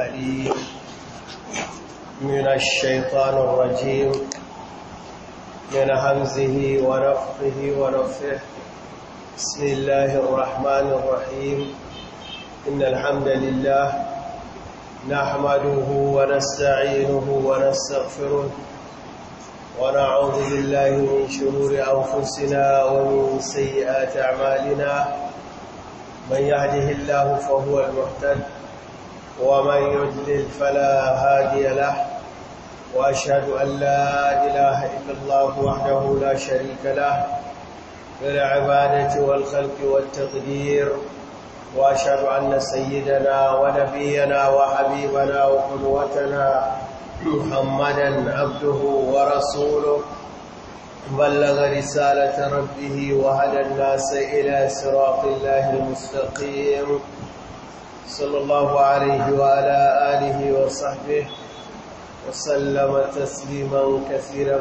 الأليم من الشيطان الرجيم من همزه ونفقه ونفه بسم الله الرحمن الرحيم إن الحمد لله نحمده ونستعينه ونستغفره ونعوذ بالله من شرور أنفسنا ومن سيئات أعمالنا من يهده الله فهو المهتد ومن يدلل فلا هادي له وأشهد أن لا إله إلا الله وحده لا شريك له في العبادة والخلق والتقدير وأشهد أن سيدنا ونبينا وحبيبنا وقدوتنا محمدا عبده ورسوله بلغ رسالة ربه وهدى الناس إلى صراط الله المستقيم صلى الله عليه وعلى آله وصحبه وسلم تسليما كثيرا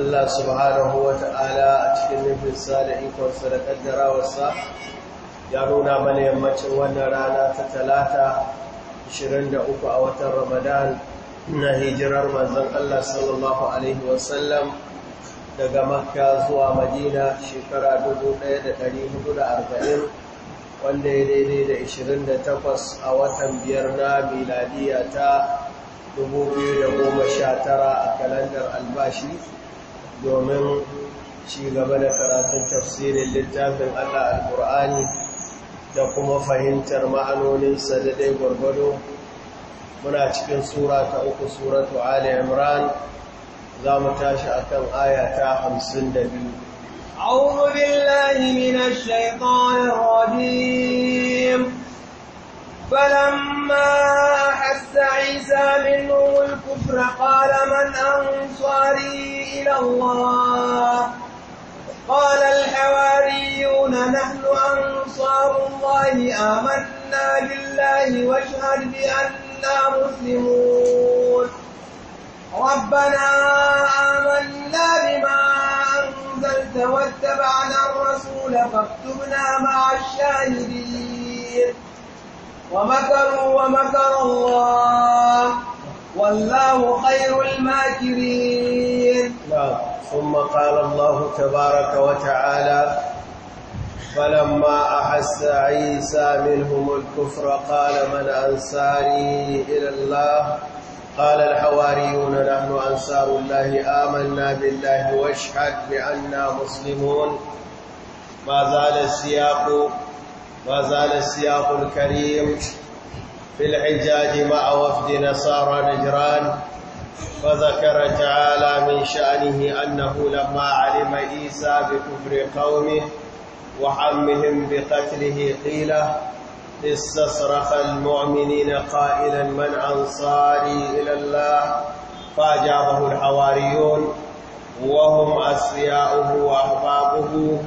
Allah subhanahu cikin nufin sali’in ya nuna mana yammacin wannan rana ta talata 23 a watan Ramadan na hijirar manzon Allah sallallahu Alaihi wasallam daga makka zuwa madina shekara 1440 wanda ya daidai da 28 a watan biyar na miladiya ta 2019 a kalandar albashi domin ci gaba da karatun tafsirin littafin Allah al-Qur'ani da kuma fahimtar ma'anoninsa da dai gwargwado muna cikin surata uku suratu ali imran za mu tashi a kan aya hamsin da biyu auku na mina shaikonin rahim falamma hasa isa min nuhul kufra kalaman an tsari ila Allah قال الحواريون نحن أنصار الله آمنا بالله واشهد بأننا مسلمون ربنا آمنا بما أنزلت واتبعنا الرسول فاكتبنا مع الشاهدين ومكروا ومكر الله والله خير الماكرين ثم قال الله تبارك وتعالى فلما أحس عيسى منهم الكفر قال من أنصاري إلى الله قال الحواريون نحن أنصار الله آمنا بالله واشهد بأننا مسلمون ما زال السياق ما زال السياق الكريم في الحجاج مع وفد نصارى نجران فذكر تعالى من شأنه أنه لما علم عيسى بكفر قومه وحمهم بقتله قيل استصرخ المؤمنين قائلا من أنصاري إلى الله فأجابه الحواريون وهم أسرياؤه وأحبابه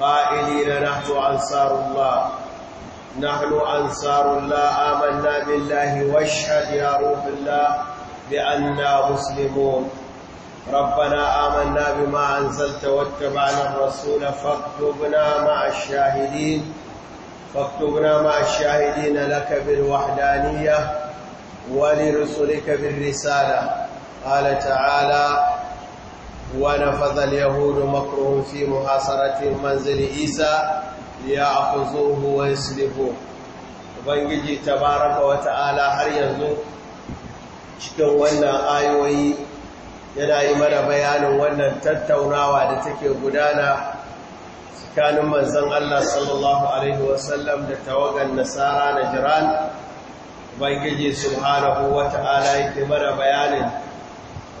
قائلين نحن أنصار الله نحن أنصار الله آمنا بالله واشهد يا روح الله بأننا مسلمون ربنا آمنا بما أنزلت واتبعنا الرسول فاكتبنا مع الشاهدين فاكتبنا مع الشاهدين لك بالوحدانية ولرسلك بالرسالة قال تعالى ونفذ اليهود مكرهم في محاصرة منزل عيسى ya akwai wa silibo ubangiji tabaraka wa ta'ala har yanzu cikin wannan ayoyi yana yi mana bayanin wannan tattaunawa da take gudana tsakanin manzon Allah sallallahu alaihi wasallam da tawagan nasara na jiran ubangiji subhanahu wa ta'ala yake mana bayanin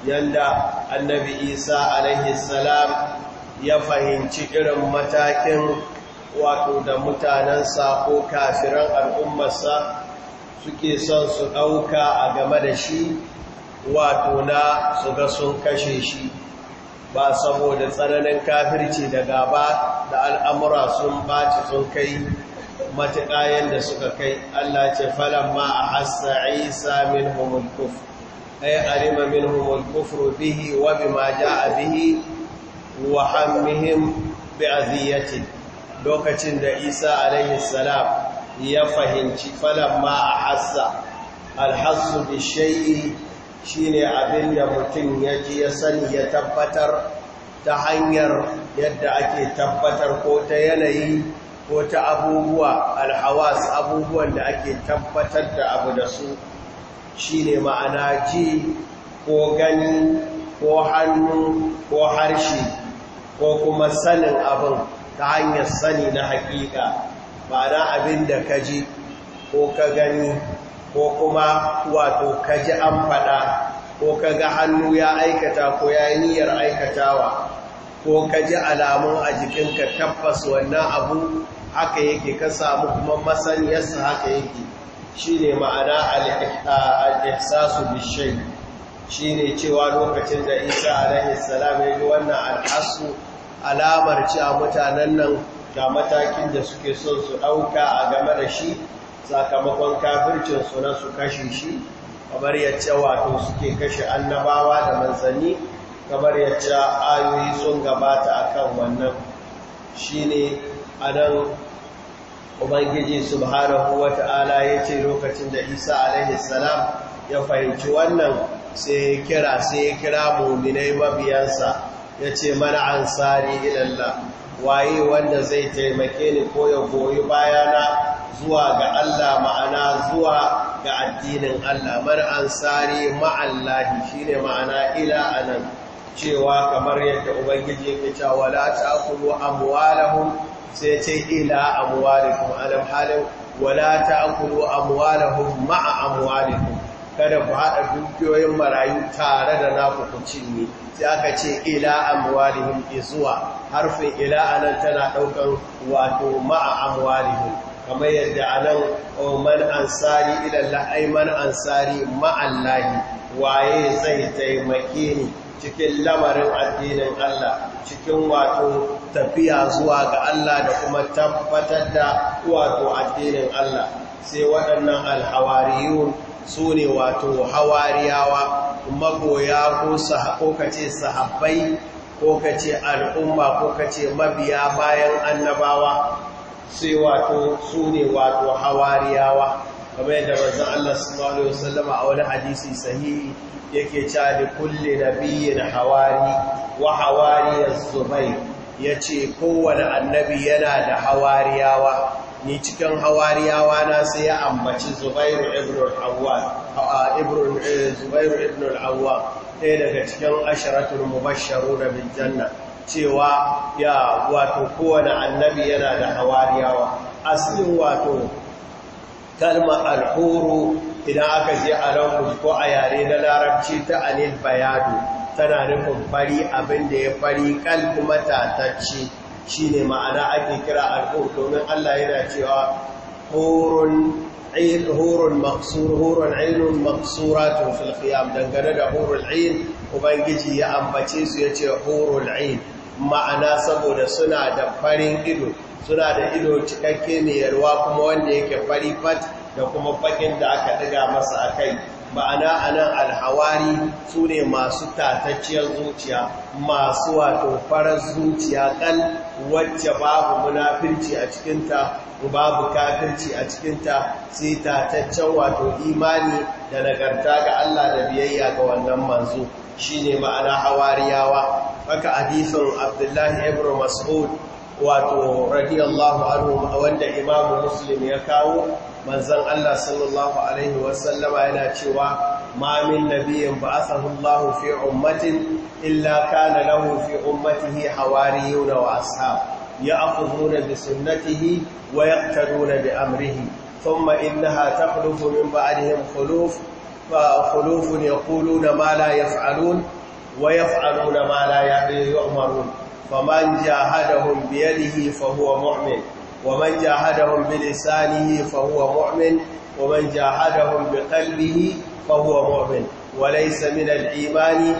yanda annabi Isa alaihi salam ya fahimci irin matakin wato da mutanensa ko kafiran al'ummarsa suke son su ɗauka a game da shi wato na su ga sun kashe shi ba saboda tsananin kafirci da gaba da al'amura sun ɓaci sun kai matuƙa yadda suka kai Allah ce falon ma a hasa isa min homolkuf ai arima min homolkuf bihi wa bi ma ja a bihi wa hammihim bi aziyatin lokacin da isa alayhi salam ya fahimci ma a hassa alhassu shai'i shi shine abin da mutum ya ji ya sani ya tabbatar ta hanyar yadda ake tabbatar ko ta yanayi ko ta abubuwa alhawas abubuwan da ake tabbatar da abu da su shine ma'ana ji ko gani ko hannu ko harshe ko kuma sanin abin ta hanyar sani na hakika na abin da ka ji ko ka gani ko kuma wato ka ji an faɗa ko ka ga hannu ya aikata ko ya yi niyyar aikatawa ko ka ji alamun a jikinka tabbas wannan abu haka yake ka samu kuma masaniyarsa haka yake shi ne ma'ana al'ihsasu bishai shi ne cewa lokacin da isa Salam, ya ji wannan al'asu alamar cewa mutanen nan ga matakin da suke son su ɗauka a game da shi sakamakon kafircinsu na su kashe shi kamar yacce wato suke kashe annabawa da manzanni kamar yacce ayoyi sun gabata a kan wannan shi ne a nan ubangiji subhanahu wata'ala ya ce lokacin da isa alaihi salam ya fahimci wannan sai ya kira sai ya kira muminai mabiyansa ya ce mana an tsari ilallah waye wanda zai taimake ni ko ya goyi bayana zuwa ga Allah ma'ana zuwa ga addinin Allah mar ansari ma'allahi shine ma'ana ila anan cewa kamar yadda ubangiji yake cewa la ta'kulu amwalahum sai ce ila amwalikum alam halin wala ta'kulu amwalahum ma'a amwalikum kada ku haɗa dukiyoyin marayu tare da naku ku cinye sai aka ce ila amwalihim zuwa harfin ila anan tana ɗaukar wato ma'a amwalihim kamar yadda anan man ansari ilallah ai man ansari ma'allahi waye zai taimake ni cikin lamarin addinin Allah cikin wato tafiya zuwa ga Allah da kuma tabbatar da wato addinin Allah sai waɗannan alhawariyun su ne wato hawariyawa magoya ko kace sahabbai ko kace al'umma ko kace mabiya bayan annabawa sai wato su ne wato hawariyawa kamar yadda manzon Allah sallallahu alaihi wasallam a wani hadisi sahihi yake cewa da kulli nabiyyin hawari wa hawari zubayr yace kowanne annabi yana da hawariyawa ni cikin hawariyawa na sai ya ambaci zubairu ibn al'awwa eh, ɗaya daga cikin asharatul mubasharu da Janna, cewa ya wato kowane annabi yana da hawariyawa asalin wato kalmar alhuru idan aka je a launin ko a yare na larabci ta anil bayadu tana nufin fari abin da ya fari kuma tatacce Shi ne ma'ana ake kira alhur domin Allah yana cewa hurun ainihin maksura tun hurun dangane da hurul ainihin ubangiji ya ambace su yace horon ainihin. ma'ana saboda suna da farin ido suna da ido cikakke mai yarwa kuma wanda yake fari fat da kuma bakin da aka diga masa kai. ma'ana nan alhawari su ne masu tatacciyar zuciya masu wato farar zuciya kan wacce babu munafirci a cikinta babu kafirci a cikinta sai tataccen wato imani da nagarta ga Allah da biyayya ga wannan manzo ne ma'ana hawariyawa haka hadisin Abdullahi ibro Mas'ud wato radiyallahu anhu wanda Imamu Muslim ya kawo manzon Allah sallallahu alaihi wasallama yana cewa mamin min nabiyyin ba'athahu Allahu fi ummatin illa kana lahu fi ummatihi hawariyun wa ashab ya'khudhuna bi sunnatihi wa yaqtaduna bi amrihi thumma innaha takhlufu min ba'dihim khuluf fa khulufun yaquluna ma la yaf'alun wa yaf'aluna ma la ya'marun faman jahadahum bi fa huwa mu'min ومن جاهدهم بلسانه فهو مؤمن ومن جاهدهم بقلبه فهو مؤمن وليس من الإيمان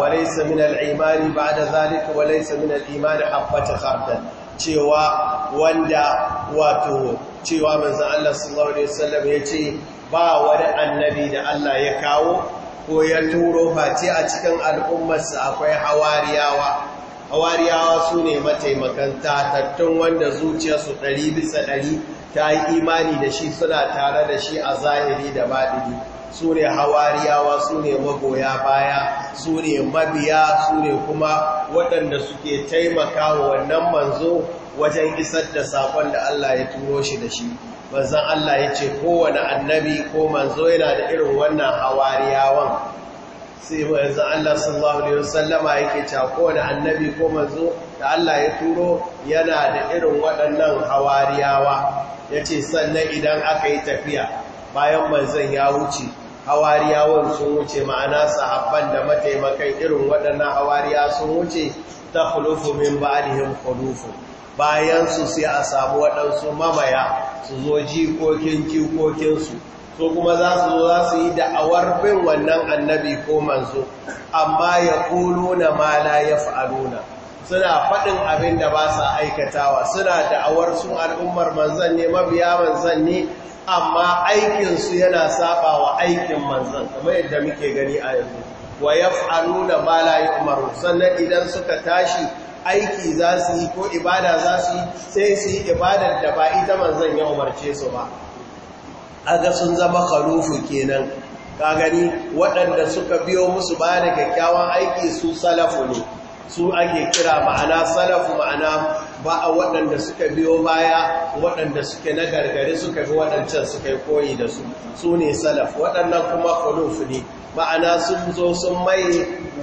وليس من الإيمان بعد ذلك وليس من الإيمان حبة خردل cewa wanda wato cewa manzan Allah sallallahu Alaihi wasallam ya ce ba wani annabi da Allah ya kawo ko ya turo face a cikin al'ummarsa akwai hawariyawa hawariyawa su ne mataimakan tatattun wanda zuciyarsu ɗari bisa ɗari ta yi imani da shi suna tare da shi a zahiri da baɗini su ne hawariyawa su ne magoya baya su ne mabiya su ne kuma waɗanda suke taimaka wa wannan manzo wajen isar da saƙon da Allah ya turo shi da shi manzan Allah ya ce kowane annabi ko manzo yana da irin wannan hawariyawan sai yanzu Allah sallallahu alaihi wasallama yake cako da annabi ko manzo da Allah ya turo yana da irin waɗannan hawariyawa yace sannan idan aka yi tafiya bayan manzon ya wuce hawariyawan sun wuce ma'ana sahabban da mataimakai irin waɗannan hawariya sun wuce ta khulufu min ba'dihim khulufu bayan su sai a samu waɗansu mamaya su zo jikokin kikokinsu su kuma za su zo za su yi da'awar bin wannan annabi ko manzo amma ya na ma la ya fa'aluna suna faɗin abin da ba sa aikatawa suna da'awar su al'ummar manzan ne mabiya manzan ne amma aikinsu yana saba wa aikin manzan kamar yadda muke gani a yanzu wa ya fa'aluna ma la ya umaru sannan idan suka tashi aiki za su yi ko ibada za su yi sai su yi ibadar da ba ita manzan ya umarce su ba aga sun zama khalufu kenan ka waɗanda suka biyo musu ba da kyakkyawan aiki su salafu ne su ake kira ma'ana salafu ma'ana ba a waɗanda suka biyo baya waɗanda suke na gargare suka bi waɗancan suka koyi da su su ne salaf waɗannan kuma khuluf ne ma'ana sun zo sun mai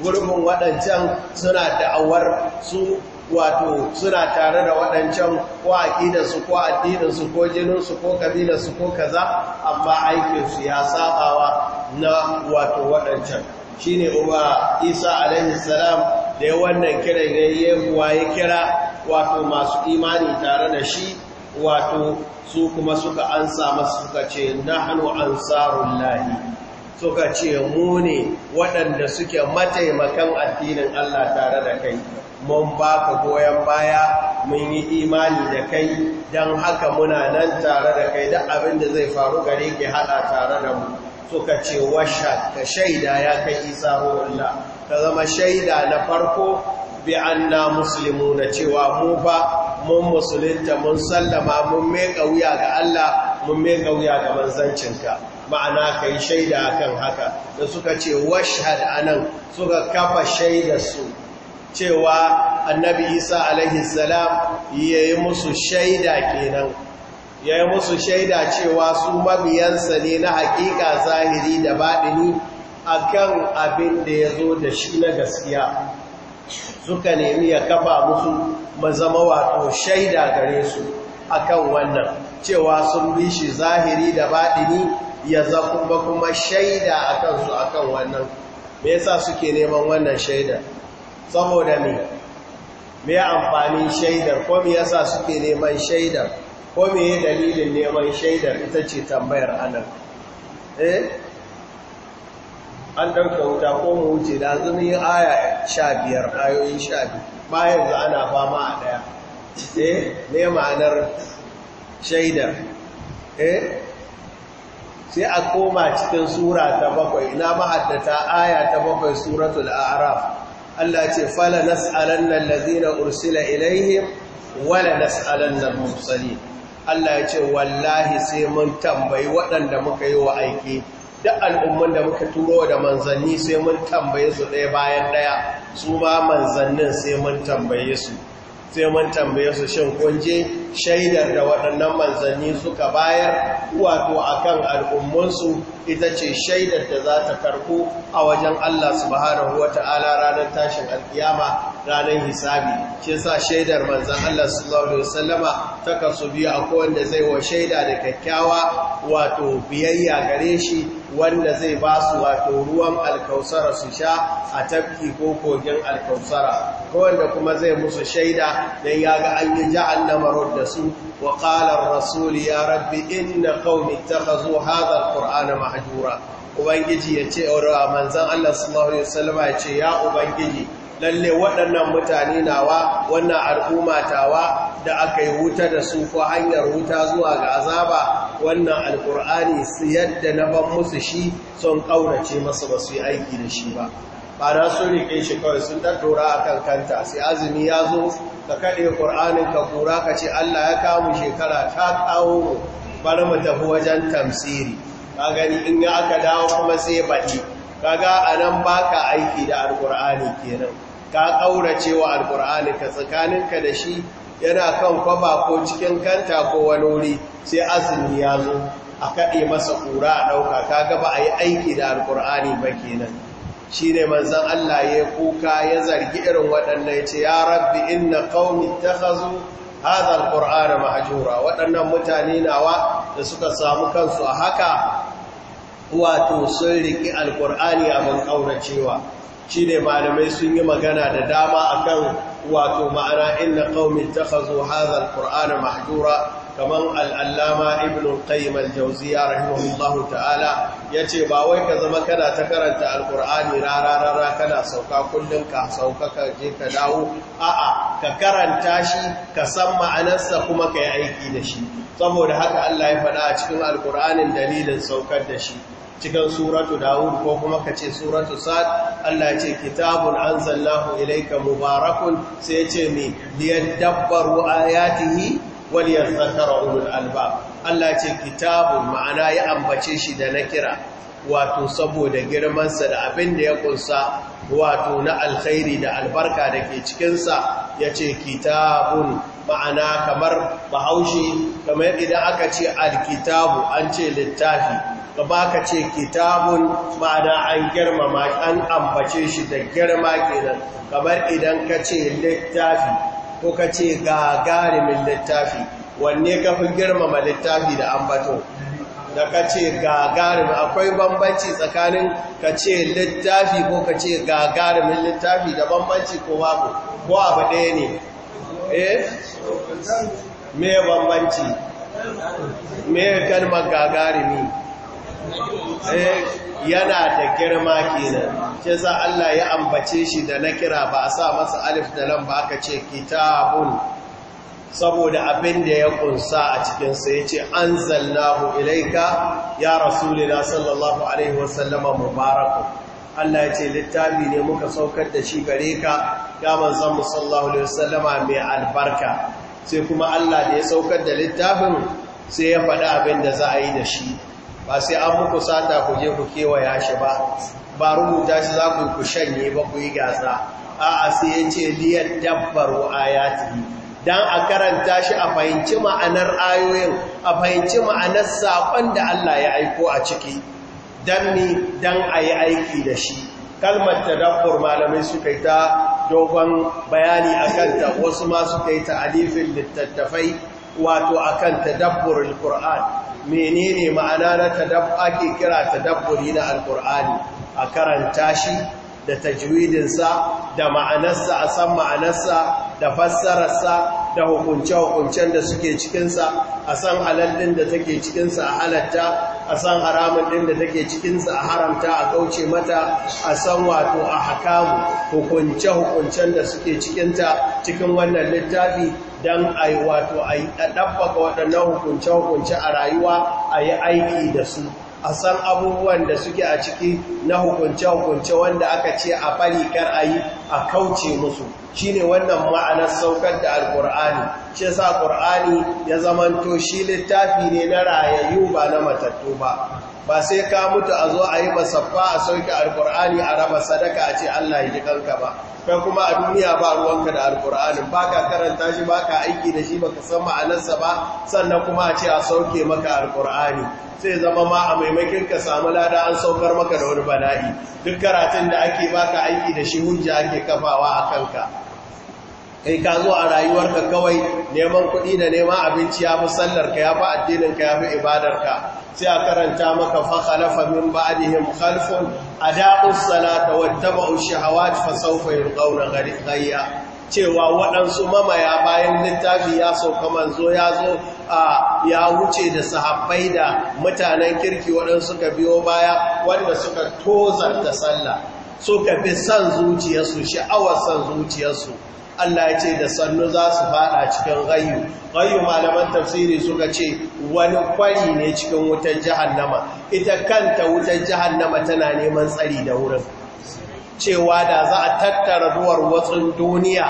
gurbin waɗancan suna da'awar su wato suna tare da waɗancan ko aƙidarsu ko addininsu ko jininsu ko ƙabilarsu ko kaza amma aikinsu ya sabawa na wato waɗancan shi ne uba isa alaihissalam da ya wannan kiran yayyewa ya kira wato masu imani tare da shi wato su kuma suka ansa masu suka ce na hannu an sarun lahi suka ce mu ne waɗanda suke mataimakan addinin Allah tare da kai mun ba ka goyon baya mun yi imani da kai don haka muna nan tare da kai da abin da zai faru gare ki hada tare da mu suka ce washa ka shaida ya kai isa ruwallah ka zama shaida na farko bi an na musulmu na cewa mu ba mun musulunta mun sallama mun meka wuya ga Allah mun meka wuya ga manzancinka ma'ana ka yi shaida akan haka da suka ce washhad anan suka kafa shaidarsu su cewa annabi isa alaihi salam ya yi musu shaida kenan ya yi musu shaida cewa su mabiyansa ne na hakika zahiri da baɗini a kan abin da ya zo da shi na gaskiya suka nemi ya kafa musu mazama wato shaida gare su a kan wannan cewa sun bi shi zahiri da baɗini ya zafi kuma shaida a kansu a kan wannan me yasa suke neman wannan shaida saboda mai me amfani shaidar ko me yasa suke neman shaidar ko me dalilin neman shaidar ita ce tambayar anan eh an ɗauka wuta ko mu wuce da zuni aya sha biyar ayoyin sha biyu bayan za ana fama a ɗaya eh ne ma'anar shaidar eh sai a koma cikin sura ta bakwai na mahaddata aya ta bakwai suratul araf Allah ce fala nas'alanna allazina ursila ilaihim wala nas'alanna nan mursalin Allah ya ce wallahi sai mun tambayi waɗanda muka yi wa aiki duk al'umman da muka turo da manzanni sai mun tambaye su ɗaya bayan ɗaya su ma manzannin sai mun tambaye su sai mun tambaye su shin kunje shaidar da waɗannan manzanni suka bayar wato akan al'ummunsu ita ce shaidar da za ta karku a wajen Allah subhanahu wata'ala ranar tashin alkiyama ranar hisabi shi sa shaidar manzan Allah sallallahu alaihi wasallama ta kasu biyu a wanda zai wa shaida da kyakkyawa wato biyayya gare shi wanda zai ba su wato ruwan alkausara su sha a tafki ko kogin alkausara Ko wanda kuma zai musu shaida dan ya ga an yi jihar rod da su wa qala ar ya rabbi inna qaumi ka hadha al-qur'ana mahjura ubangiji ya ce wa manzon Allah sallallahu alaihi wasallam ya ce ya ubangiji lalle waɗannan mutane nawa wannan al'umma tawa da aka yi wuta da su ko hanyar wuta zuwa ga azaba wannan alƙur'ani su yadda na ban musu shi sun ƙaunace masa basu yi aiki da shi ba ba sun rike shi kawai sun ɗaɗɗora a kan kanta sai azumi ya zo ka kaɗe ƙur'anin ka kura ka ce Allah ya kamu shekara ta kawo bari mu tafi wajen tamsiri ka gani in ya aka dawo kuma sai baɗi ka ga a nan ba ka aiki da alƙur'ani kenan ka ƙaura cewa alƙur'ani ka tsakaninka da shi yana kan kwaba ko cikin kanta ko wani wuri sai azumi ya zo a kaɗe masa ƙura a ɗauka ka ga ba a yi aiki da alƙur'ani ba kenan shi ne manzan Allah ya kuka ya zargi irin waɗannan ya ce ya rabbi inna ƙaumi ta hazu hazar ƙor'ana mahajura waɗannan mutane nawa da suka samu kansu a haka wato sun riƙi alƙur'ani abin ƙauracewa shi ne malamai sun yi magana da dama akan wato ma'ana inna ƙaumi ta hazu hazar ƙor'ana mahajura kamar al'allama ibn qayyim al-jauziya rahimahullahu ta'ala ya ce ba wai ka zama kana ta karanta alkur'ani rararara kana sauka kullum ka sauka ka je ka dawo a'a ka karanta shi ka san ma'anarsa kuma ka yi aiki da shi saboda haka Allah ya faɗa a cikin alkur'anin dalilin saukar da shi cikin suratu dawud ko kuma ka ce suratu sa'ad Allah ce kitabun anzalnahu ilayka mubarakun sai ya ce mi liyadabbaru ayatihi waliyar zakara ulul alba Allah ce kitabun ma'ana ya ambace shi da na kira wato saboda girmansa da abin da ya kunsa wato na alkhairi da albarka da ke cikinsa ya ce kitabun ma'ana kamar bahaushe kamar idan aka ce alkitabu an ce littafi ka ba ka ce kitabun ma'ana an girmama an ambace shi da girma kenan kamar idan ka ce littafi ko ka ce gagarumin littafi wanne ka fi girmama littafi da ambato da ka ce gagarumin akwai bambanci tsakanin ka ce littafi ko ka ce gagarumin littafi da bambanci ko babu ko abu ɗaya ne eh me bambanci me kalmar ne? Eh, yana da girma kenan ce za Allah ya ambace shi da na kira ba a sa masa alif da lam ba aka ce kitabun saboda abin da ya kunsa a cikin ya ce an zallahu ilaika ya rasulina sallallahu alaihi wasallama mubaraku Allah yace littafi ne muka saukar da shi gare ka ya manzan musallahu alaihi wasallama mai albarka sai kuma Allah da ya saukar da littafin sai ya faɗi abin da za a yi da shi ba sai an muku sata ku je ku kewaya shi ba ba rubuta shi za ku ku shanye ba ku yi gasa a a sai ya ce liyar dabbaru ayati don a karanta shi a fahimci ma'anar ayoyin a fahimci ma'anar saƙon da Allah ya aiko a ciki don ni don a yi aiki da shi kalmar dabbar malamai su yi ta dogon bayani a kanta wasu ma su kai ta alifin littattafai wato a akan tadabburul qur'an menene ma'ana na ake kira tadabburi na Alkur'ani? a karanta shi da tajwidinsa da ma'anarsa a san ma'anarsa da fassararsa da hukunce-hukuncen da suke cikinsa a san halallin da take cikinsa a halatta a san haramun ɗin da take cikinsa a haramta a kauce mata a san wato a hakamu hukunce-hukuncen da suke cikinta cikin wannan littafi don a yi wato a yi ɗaɗɗaɓɓaka waɗannan hukunce-hukunce a rayuwa a yi aiki da su a san abubuwan da suke a ciki na hukunce-hukunce wanda aka ce a bari kar a yi a kauce musu shi ne wannan ma'anar saukar da alkur'ani shi sa ƙur'ani ya zamanto shi littafi ne na rayayyu ba na matattu ba ba sai ka mutu a zo a yi masaffa a sauke alkur'ani a raba sadaka a ce Allah ya ji kanka ba kai kuma a duniya ba ruwanka da alkur'ani ba ka karanta shi ba ka aiki da shi ba ka san ma'anarsa ba sannan kuma a ce a sauke maka alkur'ani sai zama ma a maimakon ka samu lada an saukar maka da wani bala'i duk karatun da ake baka aiki da shi hujja ake kafawa a kanka kai ka zo a rayuwarka kawai neman kuɗi da neman abinci ya fi sallarka ya fi addininka ya fi ibadarka sai a karanta maka fakhalafa min ba'dihim khalfun da salata tabu shahawat fa sawfa yulqawna ghayya cewa waɗansu mamaya bayan littafi ya sauka manzo ya zo a ya wuce da sahabbai da mutanen kirki waɗansu ka biyo baya wanda suka tozar da sallah suka fi san zuciyarsu sha'awar son zuciyarsu Allah ya ce da sannu za su fada cikin gayu gayu malaman tafsiri suka ce wani kwari ne cikin wutar jahannama ita kanta wutar jahannama tana neman tsari da wurin cewa da za a tattara ruwar watsun duniya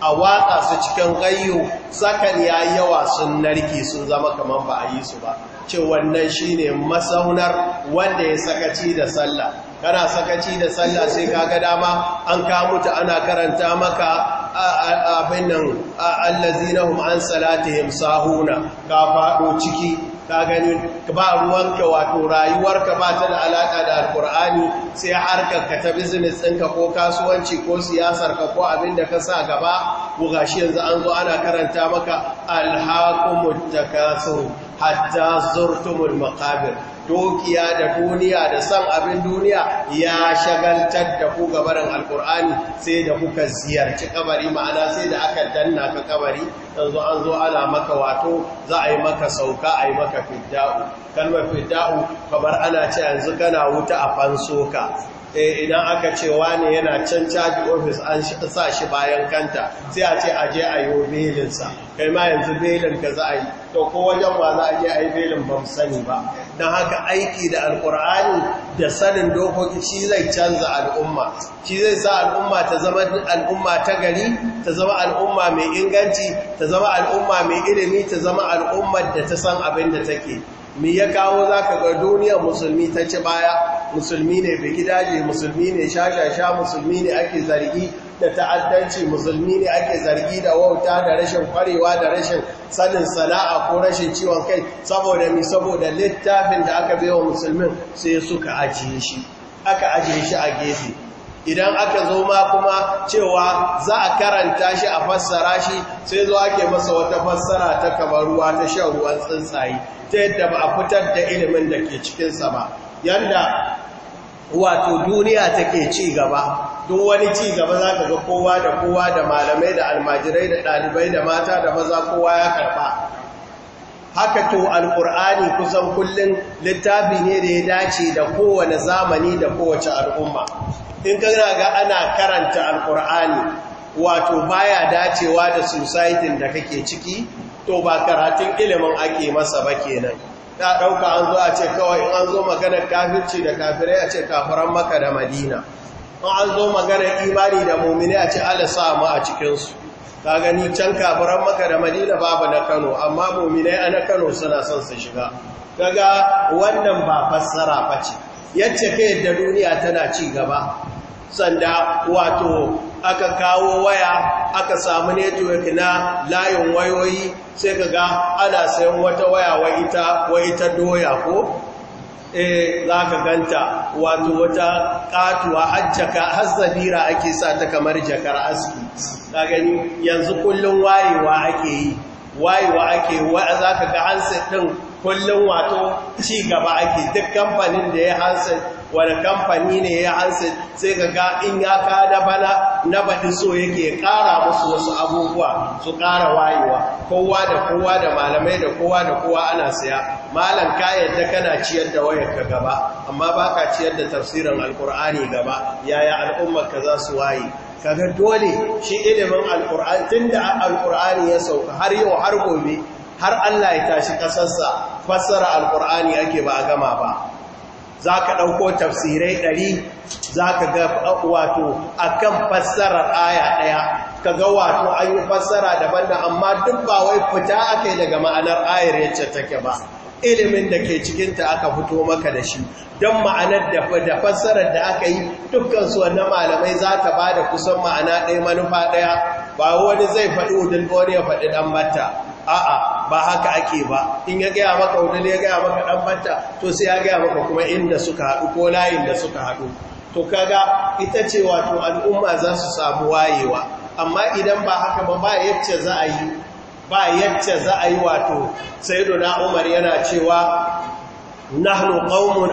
a watsa su cikin gayu sakan ya yawa sun narke sun zama kamar ba a yi su ba ce wannan shine masaunar wanda ya sakaci da sallah kana sakaci da sallah sai ka kaga dama an ka mutu ana karanta maka abin nan allazina hum an salatihim sahuna ka faɗo ciki ka gani ba ruwanka wato rayuwarka ba ta da alaka da alkur'ani sai ka ta business ɗinka ko kasuwanci ko siyasar, ko abin da ka sa gaba ko gashi yanzu an zo ana karanta maka alhaqu takasur hatta zurtumul maqabir dokiya da duniya da san abin duniya ya shagaltar da ku gabarin alkur'ani sai da kuka ziyarci kabari ma'ana sai da aka danna ka kabari yanzu an zo ana maka wato za a yi maka sauka a yi maka fidda'u kalmar fidda'u kamar ana ce yanzu kana wuta a fansoka Eh, idan aka ce wani yana can caji ofis an sa shi bayan kanta sai a ce aje a yi belinsa kai ma yanzu belin ka za a yi to ko wajen wa za a je a belin ba sani ba don haka aiki da alkur'ani da sanin dokoki shi zai canza al'umma shi zai sa al'umma ta zama al'umma ta gari ta zama al'umma mai inganci ta zama al'umma mai ilimi ta zama al'ummar da ta san abin da take me ya kawo za ka ga duniyar musulmi ta ci baya musulmi ne bai gidaje musulmi ne shashasha musulmi ne ake zargi da ta'addanci musulmi ne ake zargi da wauta da rashin kwarewa da rashin sanin sana'a ko rashin ciwon kai saboda mi saboda littafin da aka bai wa musulmin sai suka ajiye shi aka ajiye shi a gefe idan aka zo ma kuma cewa za a karanta shi a fassara shi sai zo ake masa wata fassara ta kamar ruwa ta shan ruwan tsuntsaye ta yadda ba a fitar da ilimin da ke cikinsa ba yadda wato duniya take ci gaba duk wani ci gaba za ka ga kowa da kowa da malamai da almajirai da ɗalibai da mata da maza kowa ya karɓa haka to alƙur'ani kusan kullum littafi ne da ya dace da kowane zamani da kowace al'umma in ka gina ga ana karanta alkur'ani wato baya dacewa da sosaitin da kake ciki to ba karatun ilimin ake masa ba kenan ta dauka an zo a ce kawai in an zo maganar kafirci da kafirai a ce kafiran maka da madina in an zo maganar imani da mummini a ce ala sa a cikinsu ta gani can kafiran maka da madina babu na kano amma muminai a na kano suna son su shiga kaga wannan ba fassara ba ce yadda ka yadda duniya tana ci gaba sanda wato aka kawo waya aka samu network na layin wayoyi sai ka ga ana sayan wata waya wa ita wa ita doya ko eh za ka ganta wato wata katuwa hajjaka hazzabira ake sa ta kamar jakar aski ka gani yanzu kullun wayewa ake yi wayewa ake wa za ka ga handset din kullun wato ci gaba ake duk kamfanin da ya handset wani kamfani ne ya hansu sai ka ga in ya kada bana na baɗi so yake ƙara musu wasu abubuwa su ƙara wayewa kowa da kowa da malamai da kowa da kowa ana saya malam ka yadda kana ciyar da wayar ka gaba amma ba ka ciyar da tafsirin alkur'ani gaba yaya al'ummar ka za su waye kaga dole shi ilimin alkur'ani da alkur'ani ya sauka har yau har gobe har Allah ya tashi ƙasarsa fassara alkur'ani ake ba a gama ba za ka ɗauko tafsirai ɗari za ka ga wato a kan fassarar aya ɗaya ka ga wato an fassara daban da amma duk ba wai fita aka yi daga ma'anar ayar yacce take ba ilimin da ke cikinta aka fito maka da shi don ma'anar da fassarar da aka yi dukkan su wannan malamai za ta ba da kusan ma'ana ɗaya manufa ɗaya ba wani zai faɗi udin ya faɗi ɗan mata a'a ba haka ake ba in ya gaya maka wani ya gaya maka ɗan banta to sai ya gaya maka kuma inda suka haɗu ko layin da suka haɗu to kaga ita ce wato al'umma za su samu wayewa amma idan ba haka ba ba yacce za a yi ba yacce za a yi wato sai duna umar yana cewa nahnu qaumun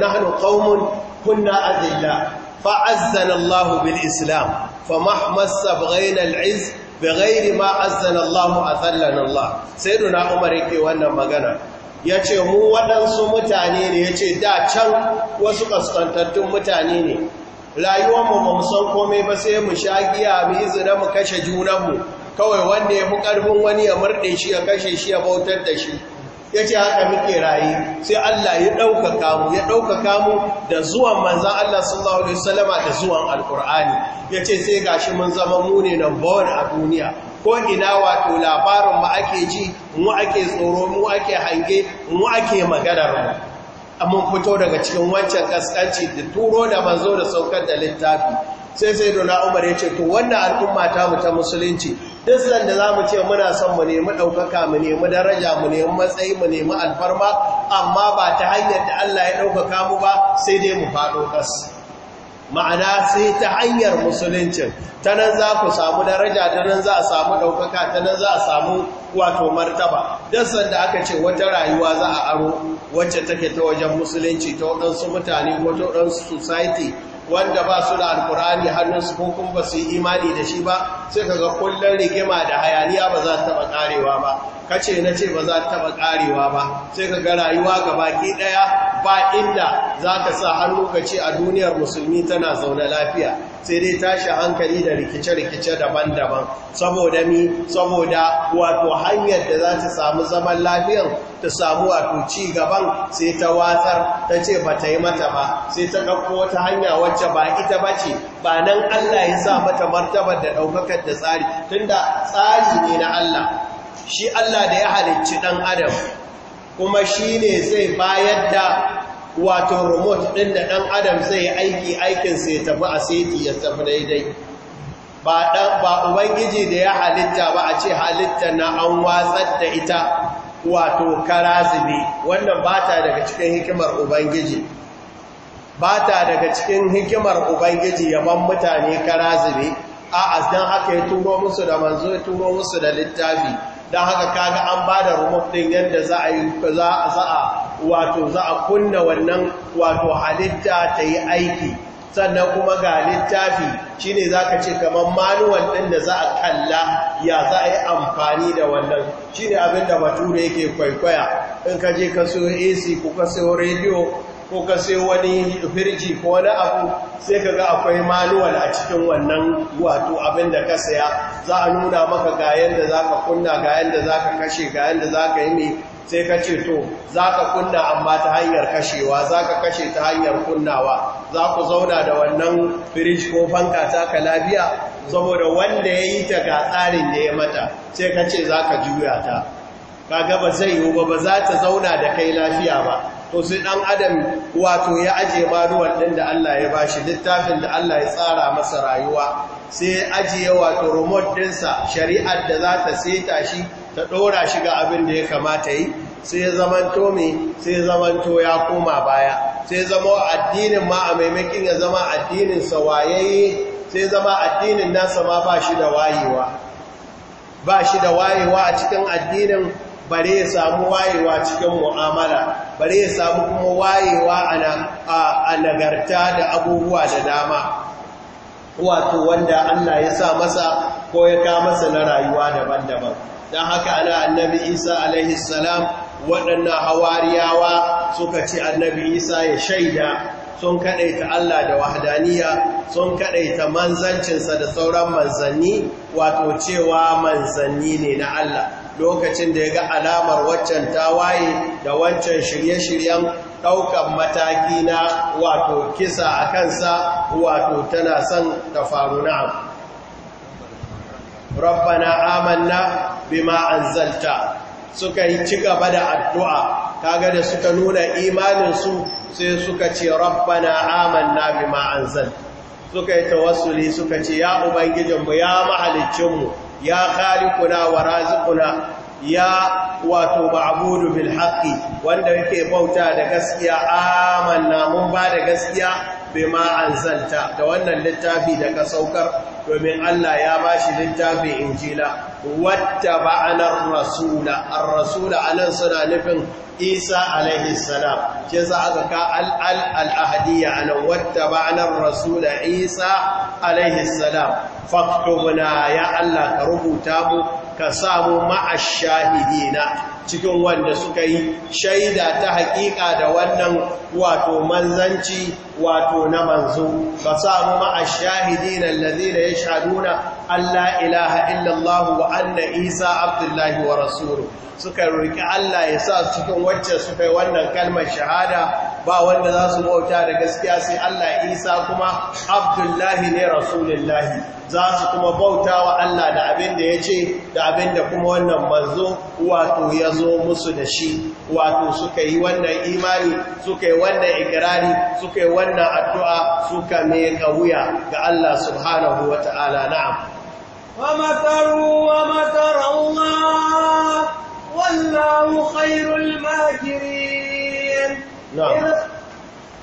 nahnu qaumun kunna adilla fa azzana Allah bil islam fa mahmas sabghaina al izz da gairi ma azzana Allah azallana Allah sai duna Umar yake wannan magana Ya ce mu waɗansu mutane ne yace da can wasu ƙasƙantattun mutane ne rayuwanmu ba mu san komai ba sai mu sha giya mu izina mu kashe junan kawai wanda ya fi ƙarfin wani ya murɗe shi ya kashe shi ya bautar da shi ya ce haka muke rayu sai Allah ya ɗaukaka mu ya ɗaukaka mu da zuwan manzan Allah sallallahu da salama da zuwan alkur'ani ya ce sai gashi mun zama mune ne nan bawon a duniya ko ina wato labarin mu ake ji mu ake tsoro mu ake hange mu ake maganar mu amma fito daga cikin wancan kaskanci da turo da manzo da saukar da littafi sai sai dona umar ya ce to wannan al'umma ta mu ta musulunci duk sanda za mu ce muna son mu nemi ɗaukaka mu nemi daraja mu nemi matsayi mu nemi alfarma amma ba ta hanyar da Allah ya ɗaukaka mu ba sai dai mu faɗo ƙas ma'ana sai ta hanyar musuluncin ta nan za ku samu daraja ta nan za a samu ɗaukaka ta nan za a samu wato martaba don sanda aka ce wata rayuwa za a aro wacce take ta wajen musulunci ta waɗansu mutane wato ɗansu society wanda ba su da alkurani hannunsu ko kuma ba su yi imani da shi ba sai kaga kullun rigima da hayaniya ba za ta taba karewa ba kace na ce ba za ta taba karewa ba sai kaga rayuwa ga baki ɗaya ba inda za ka sa hannu ka ce a duniyar musulmi tana zaune lafiya sai dai tashi hankali da rikice-rikice daban-daban saboda mi saboda wato hanyar da za ta samu zaman lafiyar ta samu wato ci gaban sai ta watsar ta ce ba ta yi mata ba sai ta ɗauko wata hanya wacce ba ita ba ce ba nan Allah ya sa mata martabar da ɗaukakar da tsari tunda tsari ne na Allah shi Allah da ya halicci ɗan adam kuma shi ne zai bayar da wato remote ɗin da ɗan adam zai aiki aikinsa ya tafi a seti ya tafi daidai ba ubangiji da ya halitta ba a ce halitta na an watsar da ita wato karazibi wannan ba ta daga cikin hikimar ubangiji ba ta daga cikin hikimar ubangiji yaban mutane karazibi a asdan aka ya turo musu da manzo ya turo musu da littafi don haka kaga an ba da remote ɗin yadda za a wato za a kunna wannan wato halitta ta yi aiki sannan kuma ga littafi shi ne za ka ce kamar manuwan ɗin da za a kalla ya za a yi amfani da wannan shi ne abin da bature yake kwaikwaya in ka je ka siyo ac ko ka siyo rediyo ko ka siyo wani firji ko wani abu sai ka ga akwai manuwal a cikin wannan wato abin da ka saya za a nuna maka ga yadda za ka kunna ga yadda za ka kashe ga yadda za ka yi mai. sai ka ce to za ka kunna amma ta hanyar kashewa za ka kashe ta hanyar kunnawa za ku zauna da wannan firij ko fanka ta ka lafiya saboda wanda ya yi ta ga tsarin da ya mata sai ka ce za ka juya ta kaga ba zai yi ba ba za ta zauna da kai lafiya ba to sai ɗan adam wato ya aje ba ruwan ɗin da Allah ya bashi littafin da Allah ya tsara masa rayuwa sai ajiye wato remote ɗinsa shari'ar da za ta seta shi ta ɗora shi ga abin da ya kamata yi sai ya zamanto mai sai ya zamanto ya koma baya sai zama addinin ma a maimakin ya zama addinin sawayaye sai zama addinin nasa ma ba shi da wayewa ba shi da wayewa a cikin addinin bare ya samu wayewa cikin mu'amala bare ya samu kuma wayewa a nagarta da abubuwa da dama wato wanda Allah ya sa masa ko ya ka masa na rayuwa daban-daban don haka ana annabi isa alaihi salam waɗannan hawariyawa suka ce annabi isa ya shaida sun kaɗaita Allah da wahadaniya sun kaɗaita manzancinsa da sauran manzanni wato cewa manzanni ne na Allah lokacin da ya ga alamar waccan tawaye da waccan shirye-shiryen ɗaukan mataki na wato kisa a kansa wato tana son ta faru na'am rabbana amanna bima anzalta suka yi ci gaba da addu'a kaga da suka nuna imaninsu sai suka ce rabbana amanna bima anzal. suka yi tawassuli suka ce ya ubangijinmu ya mahalicinmu ya khaliquna wa raziquna ya wato ma'budu bil haqqi wanda yake bauta da gaskiya amanna mun ba da gaskiya bima anzalta da wannan littafi da ka saukar domin Allah ya ba shi littafi injila wata ba'anar rasula an rasula a nan suna nufin isa alaihi salam ce za a zaka al'ahadiyya a nan wata ba'anar rasula isa alaihi salam ya Allah ka rubuta mu ka samu ma'ashahidina cikin wanda suka yi shaida ta hakika da wannan wato manzanci wato na manzo ka samu ma'ashahidina ya. yashhaduna alla ilaha illallah wa anna isa abdullahi wa rasuluhu suka roki Allah ya sa cikin wacce suka yi wannan kalmar shahada ba wanda za su bauta da gaskiya sai Allah Isa kuma Abdullahi ne Rasulullahi za su kuma bauta wa Allah da abin da ya ce da abin da kuma wannan manzo wato ya zo musu da shi wato suka yi wannan imani suka yi wannan ikirari suka yi wannan addu'a suka mai kawuya ga Allah subhanahu wa ta'ala na'am. Wa mataru wa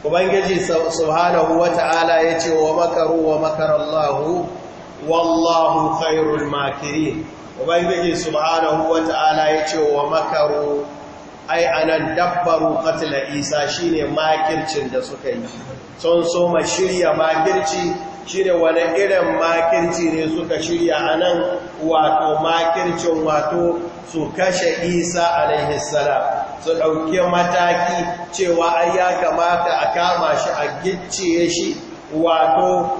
ubangiji subhanahu ta'ala ya ce wa makaru wa makarallahu wallahu khairul makiri ubangiji subhanahu ta'ala ya ce wa makaru ai anan dabbaru katila isa shine makircin da suka yi so ma shirya makirci shine wani irin makirci ne suka shirya anan wato makircin wato su kashe isa alaihissalam su ɗauki mataki cewa ai ya kamata a kama shi a gicciye shi wato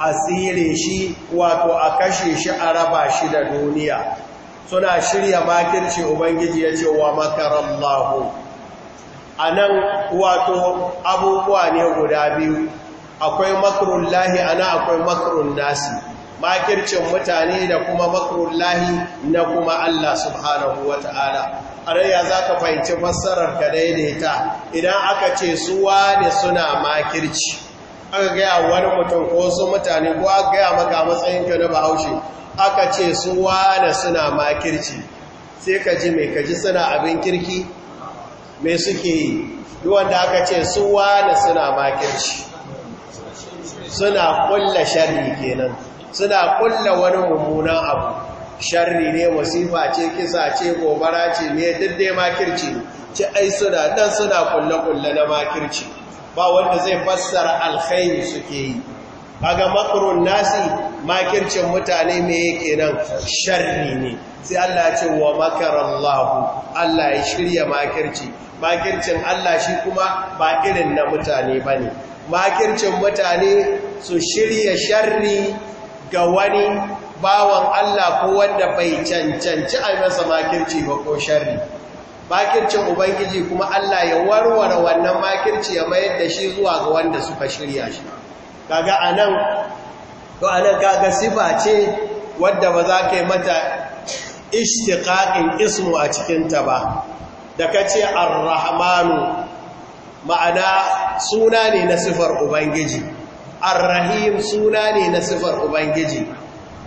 a tsire shi wato a kashe shi a raba shi da duniya suna shirya makirci ubangiji ya ce wa lahu a nan wato abubuwa ne guda biyu akwai makarun lahi ana akwai makarun nasi makircin mutane da kuma makarun lahi na kuma Allah subhanahu wa ta'ala arayya za ka fahimci fassarar ka daidaita idan aka ce suwa ne suna makirci aka gaya wani mutum ko su mutane ko aka gaya maka matsayinka na bahaushe aka ce suwa ne suna makirci sai ka ji mai kaji suna abin kirki mai suke yi duwanda aka ce suwa ne suna makirci suna kulla shari'i kenan suna kulla wani mummunan abu sharri ne wasifa ce kisa ce gobara ce ne duk dai makirci ci ai suna nan suna kulle-kulle na makirci ba wanda zai fassara alkhairi suke yi kaga makarun nasi makircin mutane me yake nan sharri ne sai Allah ce wa makarallahu Allah ya shirya makirci makircin Allah shi kuma ba irin na mutane bane makircin mutane su shirya sharri ga wani bawan Allah ko wanda bai cancanci a masa makirci ba ko sharri makircin ubangiji kuma Allah ya warware wannan makirci ya mayar da shi zuwa ga wanda suka shirya shi kaga anan to anan kaga sifa ce wadda ba za ka yi mata ishtiqaqin ismu a cikin ta ba da kace ar-rahmanu ma'ana suna ne na sifar ubangiji ar-rahim suna ne na sifar ubangiji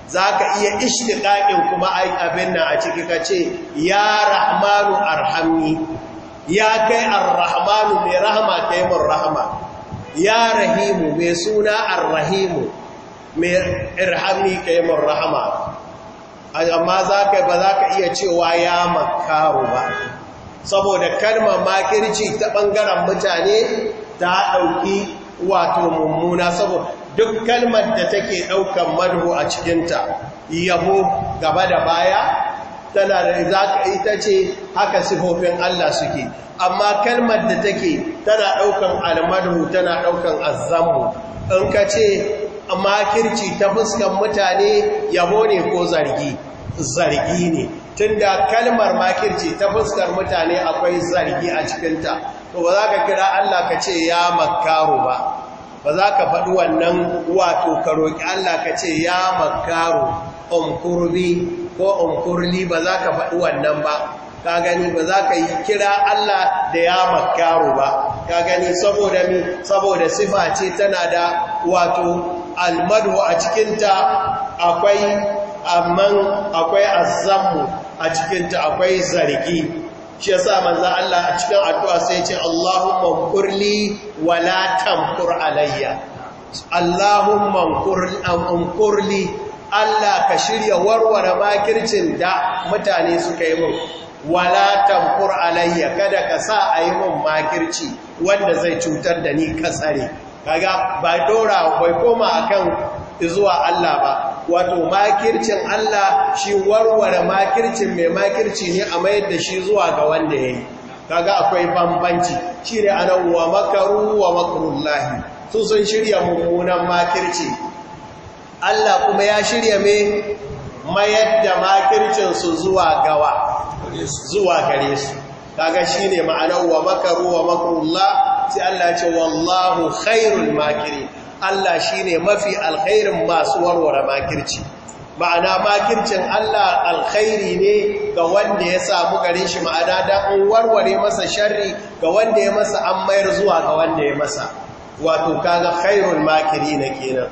za ka iya ishtiƙaƙin kuma abin nan a ciki ka ce ya rahmanu arhamni ya kai arrahmanu mai rahama yi mun rahama ya rahimu mai suna arrahimu mai irhamni kai mun rahama amma za ka ba za ka iya cewa ya makaru ba saboda kalmar makirci ta ɓangaren mutane ta ɗauki wato mummuna saboda duk kalmar da take ɗaukan madhu a cikinta yabo gaba da baya tana da za ita ce haka sifofin Allah suke amma kalmar da take tana ɗaukan almadhu tana ɗaukan azzamu in ka ce makirci ta fuskan mutane yabo ne ko zargi zargi ne tunda kalmar makirci ta fuskar mutane akwai zargi a cikinta to ba za ka kira Allah ka ce ya makaru ba ba za ka faɗi wannan wato ka roƙi Allah ka ce ya makaro umkurbi ko umkurli ba za ka faɗi wannan ba ka gani ba za ka yi kira Allah da ya makaro ba ka gani saboda mi saboda sifa ce tana da wato almadu a cikinta akwai amman akwai azam, a cikinta akwai zargi shi yasa manzan Allah a cikin addu'a sai ce Allahumma qurli wa la tamkur alayya Allah ka shirya warware makircin da mutane suka yi mun wala tamkur alayya kada ka sa ayi mun makirci wanda zai cutar da ni kasare kaga ba dora bai koma akan zuwa Allah ba wato makircin Allah shi warware makircin mai makirci ne a mayar da shi zuwa ga wanda ya yi kaga akwai bambanci shi ne anan wa makaru wa makarullahi su sun shirya mummunan makirci Allah kuma ya shirya mai mayar da makircinsu zuwa gawa zuwa gare su kaga shi ne ma'anar wa makaru wa makarullah sai Allah ce wallahu khairul makirin Allah shi ne mafi alkhairin masu warware makirci ma'ana makircin Allah alkhairi ne ga wanda ya samu garin shi ma'ana da an warware masa sharri ga wanda ya masa an mayar zuwa ga wanda ya masa wato kaga khairun makiri na kenan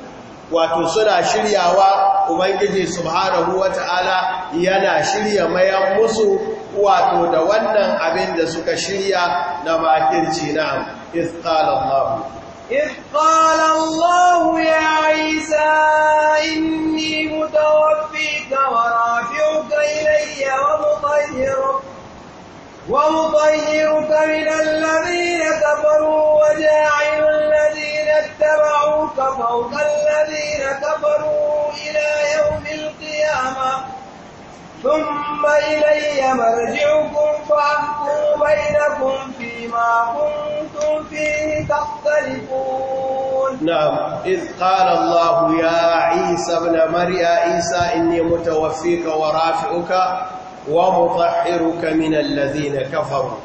wato suna shiryawa ubangiji subhanahu wata'ala yana shirya mayan musu wato da wannan abin da suka shirya na makirci na izqala Allah إذ قال الله يا عيسى إني متوفيك ورافعك إلي ومطهرك ومطهرك من الذين كفروا وجاعل الذين اتبعوك فوق الذين كفروا إلى يوم القيامة ثم إلي مرجعكم فأحكم بينكم فيما كنتم كنتم فيه تختلفون نعم إذ قال الله يا عيسى ابن مريم عيسى إني متوفيك ورافعك ومطهرك من الذين كفروا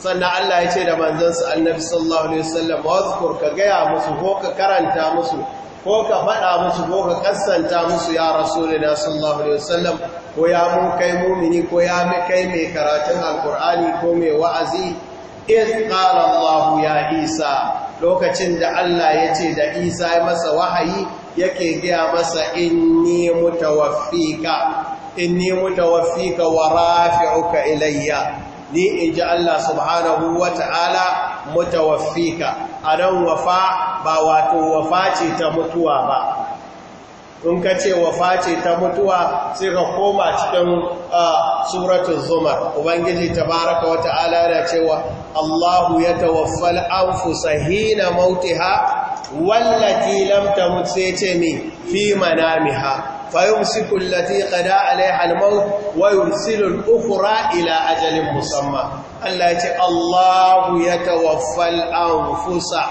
sannan Allah ya ce da su annabi sallallahu alaihi wasallam wazkur ka gaya musu ko ka karanta musu ko ka faɗa musu ko ka kassanta musu ya rasulina sallallahu alaihi wasallam ko ya mun kai mumini ko ya mai kai mai karatun alkur'ani ko mai wa'azi إذ قال الله يا إيسا lokacin da Allah ya ce da Isa ya masa wahayi yake gaya masa متوفيك mutawaffika inni wa ilayya ni in Allah subhanahu wa ta'ala mutawaffika a nan wafa ba wato wafa ce ta mutuwa ba in ka ce wafa ce ta mutuwa sai ka koma cikin ah, suratun zumar ubangiji tabaraka wa ta'ala yana cewa Allahu ya tawaffal anfusa hina mautiha wallati lam tamut sai ce mi fi manamiha fayumsiku allati qada alaiha almaut wa yursilu al-ukhra ila ajalin musamma Allah ya ce Allahu ya tawaffal anfusa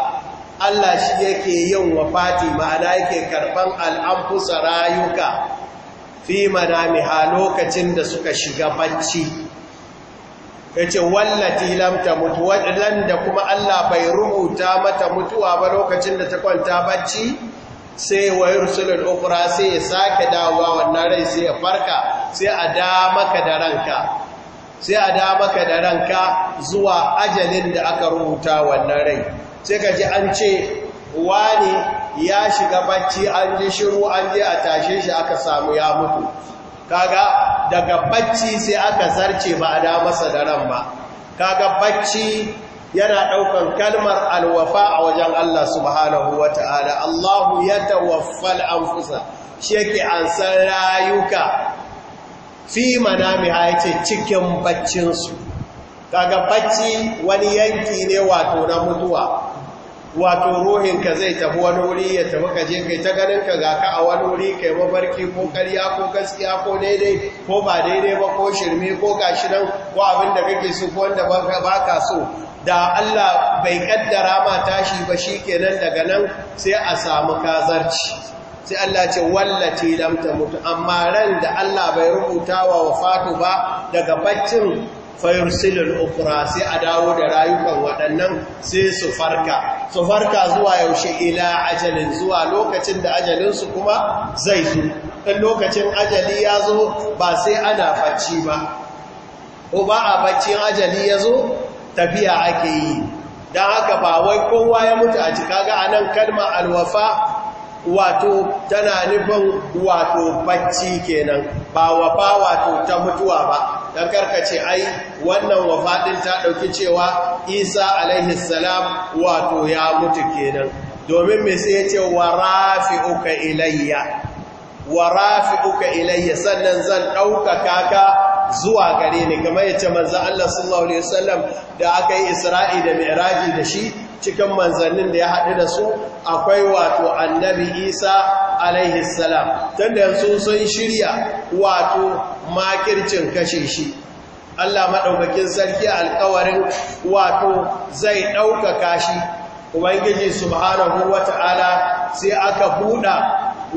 Allah shi yake yin wafati ma'ana yake karban al'anfusa rayuka fi manamiha lokacin da suka shiga bacci ya ce wallati lamta mutu da kuma Allah bai rubuta mata mutuwa ba lokacin da ta kwanta bacci sai wa yursulul ukhra sai ya sake dawowa wannan rai sai ya farka sai a da maka da ranka sai a da maka da ranka zuwa ajalin da aka rubuta wannan rai sai ka ji an ce wani ya shiga bacci an ji shiru an je a tashe shi aka samu ya mutu kaga daga bacci sai aka zarce ba a da masa da ran ba kaga bacci yana ɗaukar kalmar alwafa a wajen Allah subhanahu wa ta'ala Allahu ya tawaffal anfusa shi yake an san rayuka fi manami yace cikin baccinsu kaga bacci wani yanki ne wato na mutuwa wato ka zai tafi wani wuri ya tafi ka je kai ta ganin ka ga ka a wani wuri kai mafarki ko karya ko gaskiya ko daidai ko ba daidai ba ko shirme ko gashi nan ko abin da kake so ko wanda ba ka so da Allah bai kaddara ma tashi ba shi kenan daga nan sai a samu kazarci sai Allah ce wallace lam mutu amma ran da Allah bai rubuta wa wafatu ba daga baccin silin ukra sai a dawo da rayukan waɗannan sai su farka su farka zuwa yaushe ila ajalin zuwa lokacin da ajalinsu kuma zai zo ɗan lokacin ajali ya zo ba sai ana facci ba ko ba a baccin ajali ya zo tafiya ake yi don haka ba wai kowa ya mutu a cika ga anan kalma alwafa wato tana nufin wato bacci kenan ba wafa wato ta mutuwa ba don karkace ai wannan wafaɗin ta ɗauki cewa isa alaihi salam wato ya mutu kenan domin mai sai yace ce wa ilayya wa rafi'uka ilayya sannan zan ɗauka kaka zuwa gare ni kamar yace manzo Allah sallallahu alaihi wasallam da aka yi Isra'i da Mi'raji da shi cikin manzannin da ya haɗu da su akwai wato annabi Isa alaihi salam tunda yanzu sun shirya wato makircin kashe shi Allah maɗaukakin sarki alƙawarin wato zai ɗaukaka shi ubangiji subhanahu wata'ala sai aka buɗa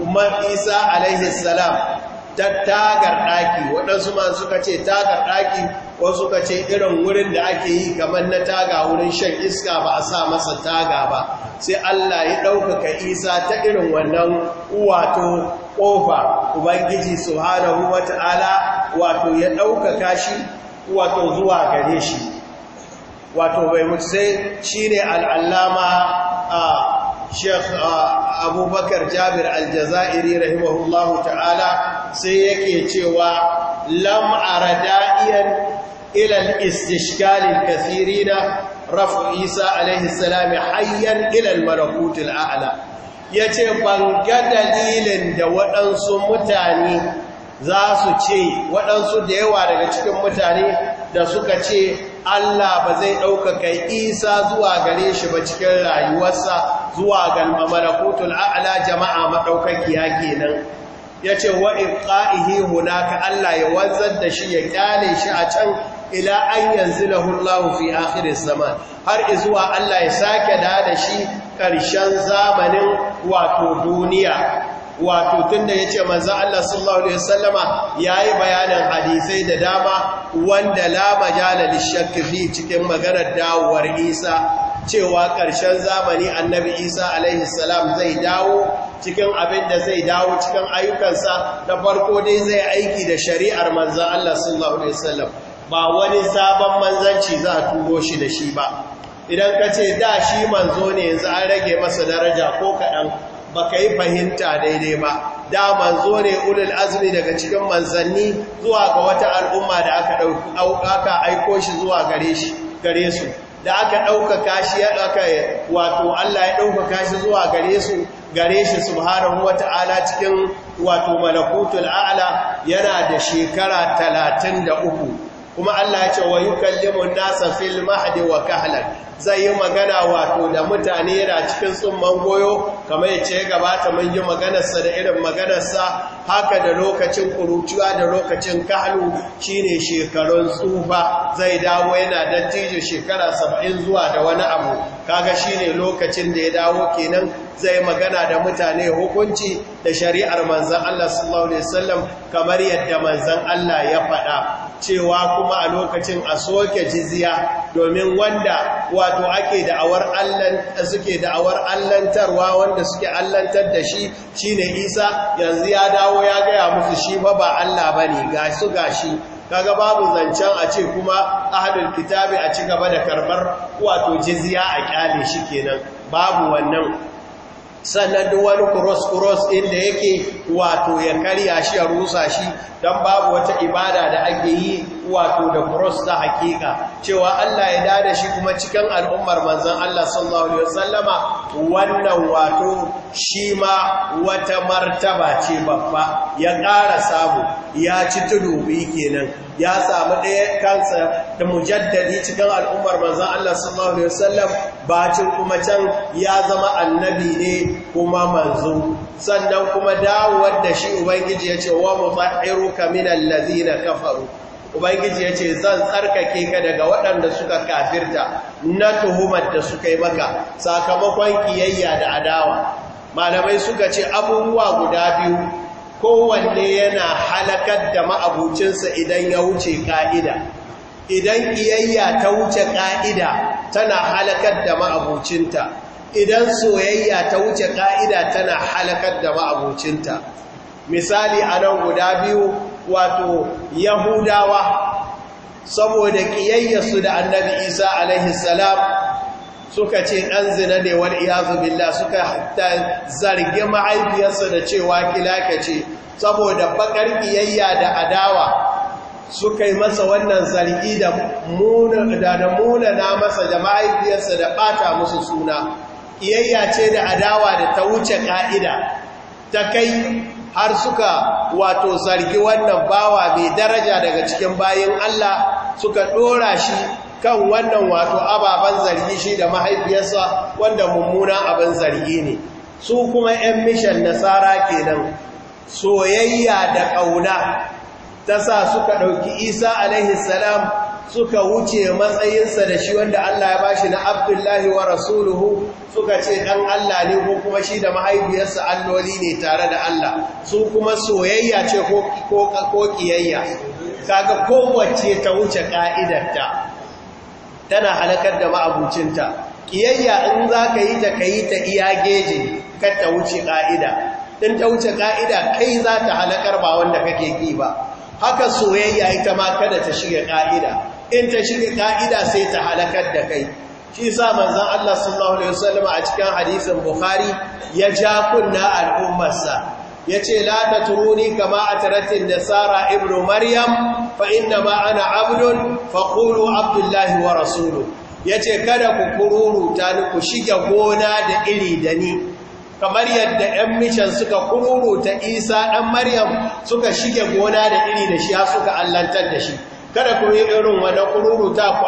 umar isa alaihi salam ta tagar ɗaki waɗansu ma suka ce tagar ɗaki wasu suka ce irin wurin da ake yi kamar na taga wurin shan iska ba a sa masa taga ba sai Allah ya ɗaukaka isa ta irin wannan wato ƙofa ubangiji subhanahu ta'ala, wato ya ɗaukaka shi wato zuwa gare shi wato bai mutu sai shi ne al'allama a sheikh abubakar jabir Al aljazairi rahimahullahu ta'ala sai yake cewa lam arada'iyan ila al-istishkal al kathirina rafu isa alayhi salam hayyan ila al-malakut al-a'la yace ban ga dalilin da waɗansu mutane za su ce waɗansu da yawa daga cikin mutane da suka ce Allah ba zai ɗaukaka isa zuwa gare shi ba cikin rayuwarsa zuwa ga mamarakutul a'la jama'a maɗaukakiya kenan ya ce wa ibqa'ihi hunaka Allah ya wanzar da shi ya ƙyale shi a can ila an yanzilahu Allah fi akhir zaman har izuwa Allah ya sake da da shi karshen zamanin wato duniya wato tunda yace manzo Allah sallallahu alaihi wasallama yayi bayanin hadisai da dama wanda la majala lishakki cikin maganar dawowar Isa cewa ƙarshen zamani annabi isa alaihi salam zai dawo cikin abin da zai dawo cikin ayyukansa na farko dai zai aiki da shari'ar manzan Allah sallallahu alaihi wasallam ba wani sabon manzanci za a turo shi da shi ba idan ka ce da shi manzo ne yanzu an rage masa daraja ko kaɗan ba ka yi fahimta daidai ba da manzo ne ulul azumi daga cikin manzanni zuwa ga wata al'umma da aka ɗauka aiko shi zuwa gare su da aka ɗaukaka shi aka wato Allah ya ɗaukaka shi zuwa gare su gare shi subhanahu wata'ala cikin wato malakutul a'la yana da shekara talatin da uku. kuma Allah ya ce wa yukallimun nasa fil mahdi wa kahlan zai yi magana wato da mutane yana cikin tsumman goyo kamar yace ya gabata mun yi maganarsa da irin sa haka da lokacin kurutuwa da lokacin kahlu shine shekarun tsufa zai dawo yana dattijo shekara 70 zuwa da wani abu kaga shine lokacin da ya dawo kenan zai magana da mutane hukunci da shari'ar manzon Allah sallallahu alaihi wasallam kamar yadda manzon Allah ya faɗa cewa kuma a lokacin a soke jiziya domin wanda wato ake da'awar suke da'awar allantarwa wanda suke allantar da shi shi ne Isa yanzu ya dawo ya gaya musu shi ba ba Allah ba ne, ga su gashi kaga babu zancen a ce kuma ahlul kitabi a ci gaba da karɓar wato jiziya a kyale shi kenan babu wannan sannan duk wani kuros cross inda yake wato ya karya shi ya rusa shi don babu wata ibada da ake yi wato da cross da hakika cewa Allah ya da shi kuma cikin al'ummar manzon Allah sallallahu Alaihi wasallama wannan wato shi ma wata martaba ce babba ya ƙara samu ya ci tudubi kenan ya samu ɗaya kansa da mujaddadi cikin al'ummar manzon Allah sallallahu Alaihi wasallam bacin kuma can ya zama annabi ne kuma manzo sannan kuma dawowar da shi Ubangiji ya ce wa mu fa'iru kaminan lazina kafaru ubangiji ya ce zan tsarkake ka daga waɗanda suka kafirta na tuhumar da suka yi maka sakamakon kiyayya da adawa malamai suka ce abubuwa guda biyu kowanne yana halakar da ma'abucinsa idan ya wuce ka'ida idan kiyayya ta wuce ka'ida tana halakar da ma'abucinta idan soyayya ta wuce ka'ida tana halakar da ma'abucinta misali a nan guda biyu wato yahudawa saboda ƙiyayyarsu da annabi isa alaihi salam suka ce ɗan zina ne wani iyazu billah suka zargi ma'aifiyarsa da cewa kilaka ce saboda bakar ƙiyayya da adawa suka yi masa wannan zargi da munana masa da ma'aifiyarsa da bata musu suna ƙiyayya ce da adawa da ta wuce ƙa'ida ta kai har suka wato zargi wannan bawa mai daraja daga cikin bayan Allah suka ɗora shi kan wannan wato ababen zargi shi da mahaifiyarsa wanda mummuna abin zargi ne su kuma 'yan mishan nasara kenan soyayya da ƙauna ta sa suka ɗauki isa alaihi salam suka wuce matsayinsa da shi wanda Allah ya bashi na Abdullahi wa Rasuluhu suka ce dan Allah ne ko kuma shi da mahaifiyarsa alloli ne tare da Allah su kuma soyayya ce ko ko ko kiyayya kaga kowace ta wuce ƙa'idarta, tana halakar da ma'abucinta Ƙiyayya in za ka yi ta ka yi ta iya geji kar ta wuce ƙa'ida in ta wuce ƙa'ida kai za ta halakar ba wanda kake ƙi ba haka soyayya ita ma kada ta shiga ƙa'ida in ta shirya ka'ida sai ta halakar da kai shi sa manzan Allah sallallahu Alaihi wasallam a cikin hadisin Bukhari ya ja kunna al'ummarsa ya ce la ta turuni kama a taratin Sara, ibn maryam fa inna ma ana abdun fa qulu abdullahi wa rasulu ya ce kada ku kururuta ni ku shige gona da iri da ni kamar yadda 'yan mishan suka kururuta isa ɗan maryam suka shige gona da iri da shi suka allantar da shi kada ku yi irin wani kururuta ku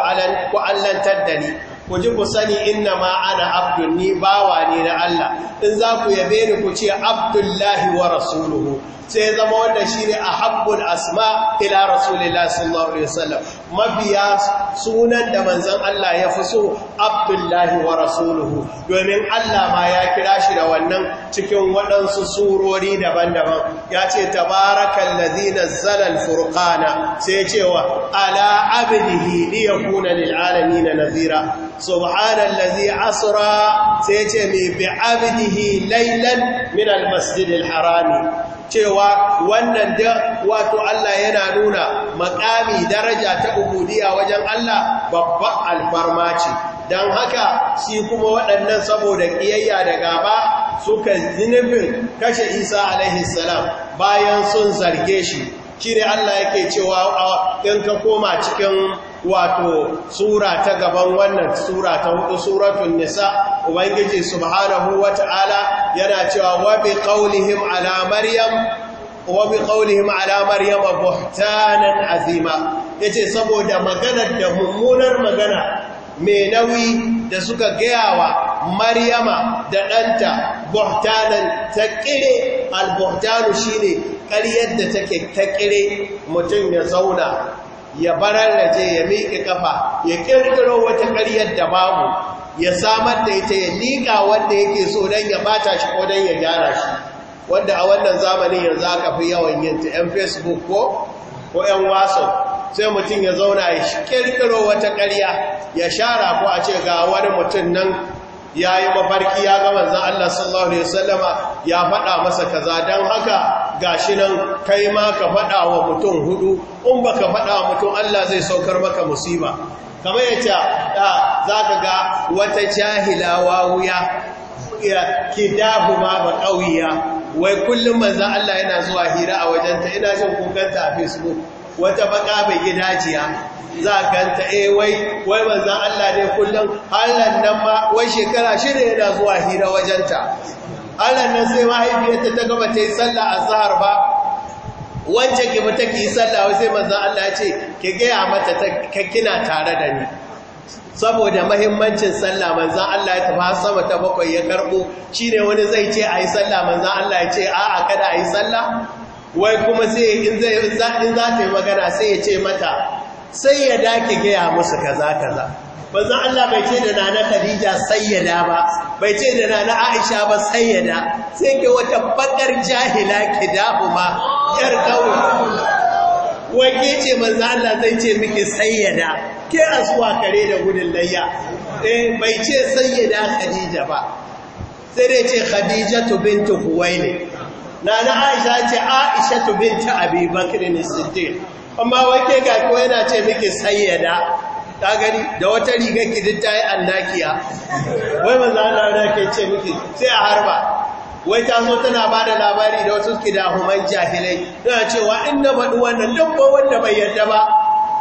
allantar da ni ku ji ku sani inna ma ana abdul ni bawa ne na Allah in za ku yabe ni ku ce abdullahi wa rasuluhu sai zama wanda shi ne a habbul asma ila rasulillah sallallahu alaihi wasallam mabiya sunan da manzon Allah ya fi so abdullahi wa rasuluhu domin Allah ma ya kira shi da wannan cikin waɗansu surori daban-daban ya ce tabarakan ladzi nazzala al-furqana sai cewa ala abdihi liyakuna lil alamin nadhira subhanal ladzi asura sai ce mai bi abdihi laylan min al-masjidil harami cewa wannan da wato Allah yana nuna makami daraja ta ubudiya wajen Allah babba alfarma ce don haka shi kuma waɗannan saboda ƙiyayya da gaba suka zinubin kashe isa alaihissalam bayan sun zarge shi shi ne Allah yake cewa in ka koma cikin wato sura ta gaban wannan sura ta hudu suratun nisa ubangiji subhanahu wata'ala yana cewa wa bi qaulihim ala maryam wa bi qaulihim ala maryam buhtanan azima yace saboda maganar da mummunar magana mai nauyi da suka gayawa maryama da ɗanta buhtanan ta al-buhtanu shine ƙaryar da take ta mutun mutum ya zauna ya bararraje ya miƙe kafa ya ƙirƙiro wata ƙaryar da babu ya samar da ita ya liƙa wanda yake so don ya bata shi ko don ya gyara shi wanda a wannan zamanin yanzu aka fi yawan yin ta ‘yan facebook ko ko ‘yan WhatsApp, sai mutum ya zauna ya ƙirƙiro wata ƙarya ya shara ko a ce ga wani mutum nan ya yi mafarki ya ga manzan Allah sallallahu Alaihi wasallama ya faɗa masa kaza don haka ga shi nan kai ma ka faɗa wa mutum hudu in ba ka faɗa wa mutum Allah zai saukar maka musiba kamar ce ah, za ka ga wata jahila jahilawa wuya kidahu ma ba ƙauya wai kullum manzan Allah yana zuwa hira a wajenta ina jin kukanta a facebook wata baka bai jiya. za a ganta eh wai wai za Allah ne kullum Allah nan ma wai shekara shida yana zuwa hira wajenta Allah nan sai mahaifiyarta ta gaba ta yi a zahar ba wance ki ba ki yi sallah wai sai manzon Allah ya ce ki gaya mata ta kina tare da ni saboda mahimmancin sallah manzan Allah ya tafa sama ta bakwai ya karbo ne wani zai ce a yi sallah manzan Allah ya ce a'a kada a yi sallah wai kuma sai in za ta yi magana sai ya ce mata sai ya dake gaya musu kaza kaza manzo Allah bai ce da nana Khadija sayyada ba bai ce da nana Aisha ba sayyada sai ke wata bakar jahila kidabu ma yar kawai wake ce manzo Allah zai ce miki sayyada ke asuwa kare da gudun layya eh bai ce sayyada khadija ba sai dai ce khadijatu bintu huwaili nana aisha ce aisha bintu abi bakr as-siddiq amma wake ga ko yana ce miki sayyada ta gani da wata riga ki duk ta yi annakiya wai manzo Allah da ke ce miki sai a harba wai ta zo tana ba da labari da wasu kidahuman jahilai tana cewa in na faɗi wannan dabba ba wanda bai yarda ba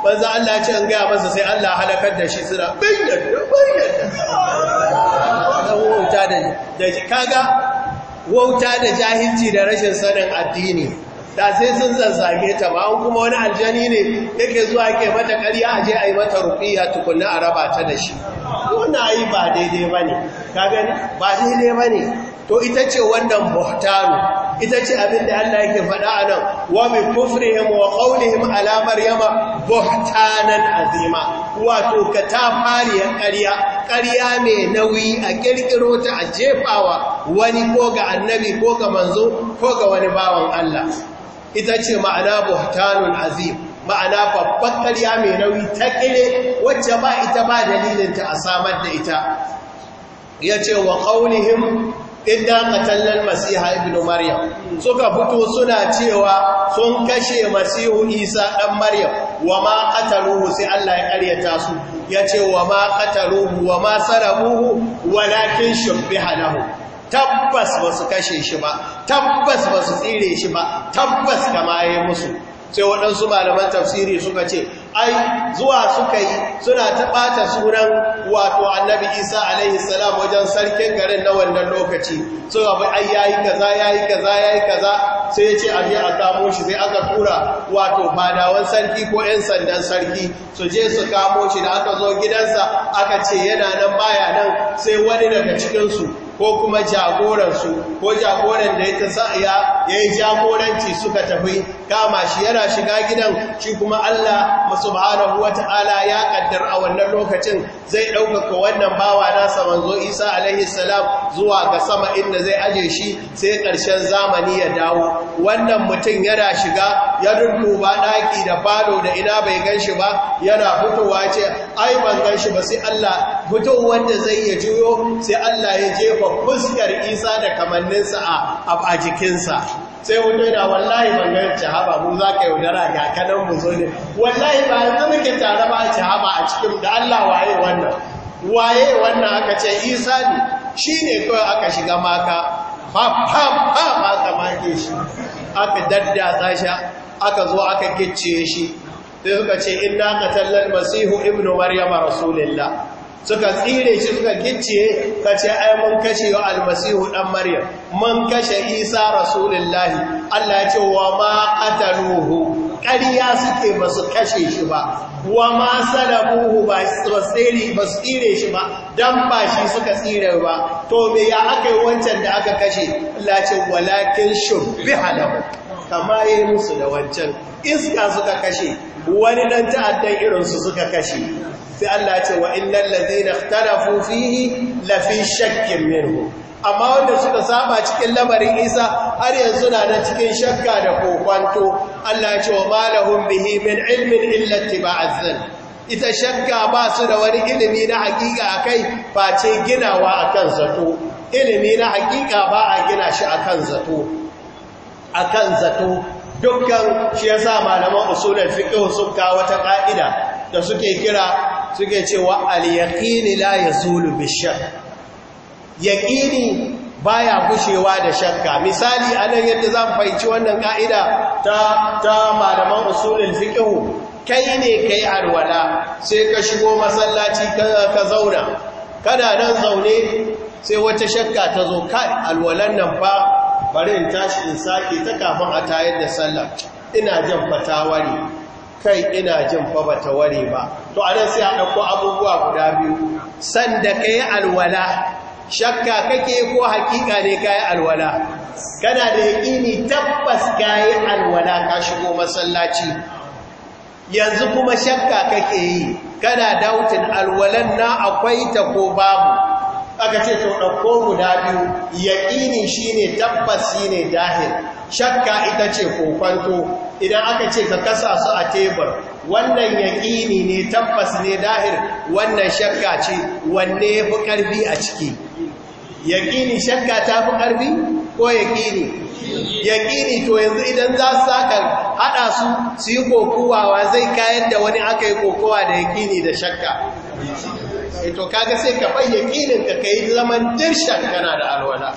manzo Allah ce an gaya masa sai Allah halakar da shi suna bayyana bayyana da kaga wauta da jahilci da rashin sanin addini da sai sun zazzage ta ba kuma wani aljani ne yake zuwa ke mata ƙarya a je a yi mata rufiya tukunna a raba ta da shi wannan ayi ba daidai ba ne gani ba daidai ba ne to ita ce wannan buhtanu ita ce abin da Allah yake faɗa a nan wa mai kufrihim wa ƙaunihim alamar maryama buhtanan azima wato ka ta fariyar ƙarya ƙarya mai nauyi a ƙirƙiro ta a jefawa wani ko ga annabi ko ga manzo ko ga wani bawan Allah ita ce ma'ana buhtanun azim ma'ana babban ƙarya mai nauyi ta ƙile wacce ba ita ba dalilinta a samar da ita ya ce wa ƙaunihim inda katallar masiha ibn maryam suka fito suna cewa sun kashe masihu isa ɗan maryam wa ma ƙataruhu sai allah ya ƙaryata su ya ce wa ma ƙataruhu wa ma sarabuhu walakin shubbiha lahu tabbas ba su kashe shi ba tabbas ba su tsire shi ba tabbas kama ya musu sai waɗansu malaman tafsiri suka ce ai zuwa suka yi suna ta ɓata sunan wato annabi isa alaihi salam wajen sarkin garin na wannan lokaci so abu ai yayi kaza yayi kaza yayi kaza sai ya ce a biya a kamo shi sai aka tura wato fadawan sarki ko 'yan sandan sarki su je su kamo shi da aka zo gidansa aka ce yana nan baya nan sai wani daga cikinsu ko kuma jagoransu ko jagoran da ya tasa'iya ya yi jagoranci suka tafi kama shi yana shiga gidan shi kuma Allah subhanahu wata'ala ya kaddar a wannan lokacin zai ɗaukaka wannan bawa nasa manzo Isa alaihi salam zuwa ga sama inda zai aje shi sai ƙarshen zamani ya dawo wannan mutum yana shiga ya dudduba ɗaki da falo da ina bai ganshi ba yana fitowa ce ai ban ganshi ba sai Allah fitowar da zai ya juyo sai Allah ya jefa wa fuskar isa da kamanninsa a jikinsa sai wuce da wallahi bangar cihaba mu za ka yaudara ga kanan mu zo ne wallahi ba yanzu muke tare ba cihaba a cikin da Allah waye wannan waye wannan aka ce isa ne shi ne kawai aka shiga maka ba aka make shi aka daddatsa shi aka zo aka gicciye shi sai suka ce inna qatalal masihu ibnu maryama rasulillah suka tsire shi suka gicciye ka ce ai mun kashe wa almasihu dan maryam mun kashe isa rasulullahi Allah ya ce wa ma qataluhu ƙarya suke ba su kashe shi ba wa ma salabuhu ba su tsire shi ba dan ba shi suka tsire ba to me ya aka yi wancan da aka kashe Allah ya ce walakin shubbiha lahu kama yi musu da wancan iska suka kashe wani ɗan ta'addan irinsu suka kashe sai Allah ce wa innal ladina na fihi la shakkin minhu amma wanda suka saba cikin lamarin Isa har yanzu na da cikin shakka da kokwanto Allah ce wa malahum bihi min ilmin a zan. ita shakka ba su da wani ilimi na hakika a kai face ginawa a kan zato ilimi na hakika ba a gina shi a a kan zato dukkan shi ya sa malaman usulun fiƙin sun kawo wata ƙa'ida da suke kira suke cewa al-yaqini la yazulu bish-shakk ba baya gushewa da shakka misali a nan yadda za mu fahimci wannan ƙa'ida ta malaman usulul fiqh kai ne kai alwala sai ka shigo masallaci ka zauna Kada nan zaune sai wata shakka ta zo kai alwalan nan ba. bari in tashi in sake ta kafin a tayar da sallah ina jin fata ware kai ina jin fa bata ware ba to a nan sai a ɗauko abubuwa guda biyu sanda ka yi alwala shakka kake ko hakika ne ka yi alwala kana da yaƙini tabbas ka yi alwala ka shigo masallaci yanzu kuma shakka kake yi kana dautin alwalan na akwai ta ko babu aka ce to ɗauko guda biyu yaƙini shine ne tabbas ne dahil shakka ita ce kokwanto idan aka ce ka kasa su a tebur wannan yaƙini ne tabbas ne dahil wannan shakka ce wanne ya fi ƙarfi a ciki yaƙini shakka ta fi ƙarfi ko yaƙini yaƙini to yanzu idan za su saka haɗa su su yi kokowa zai kayan da wani aka yi kokowa da yaƙini da shakka Eh, to kaga sai ka fayyakinin ka kai zaman dirshan kana da alwala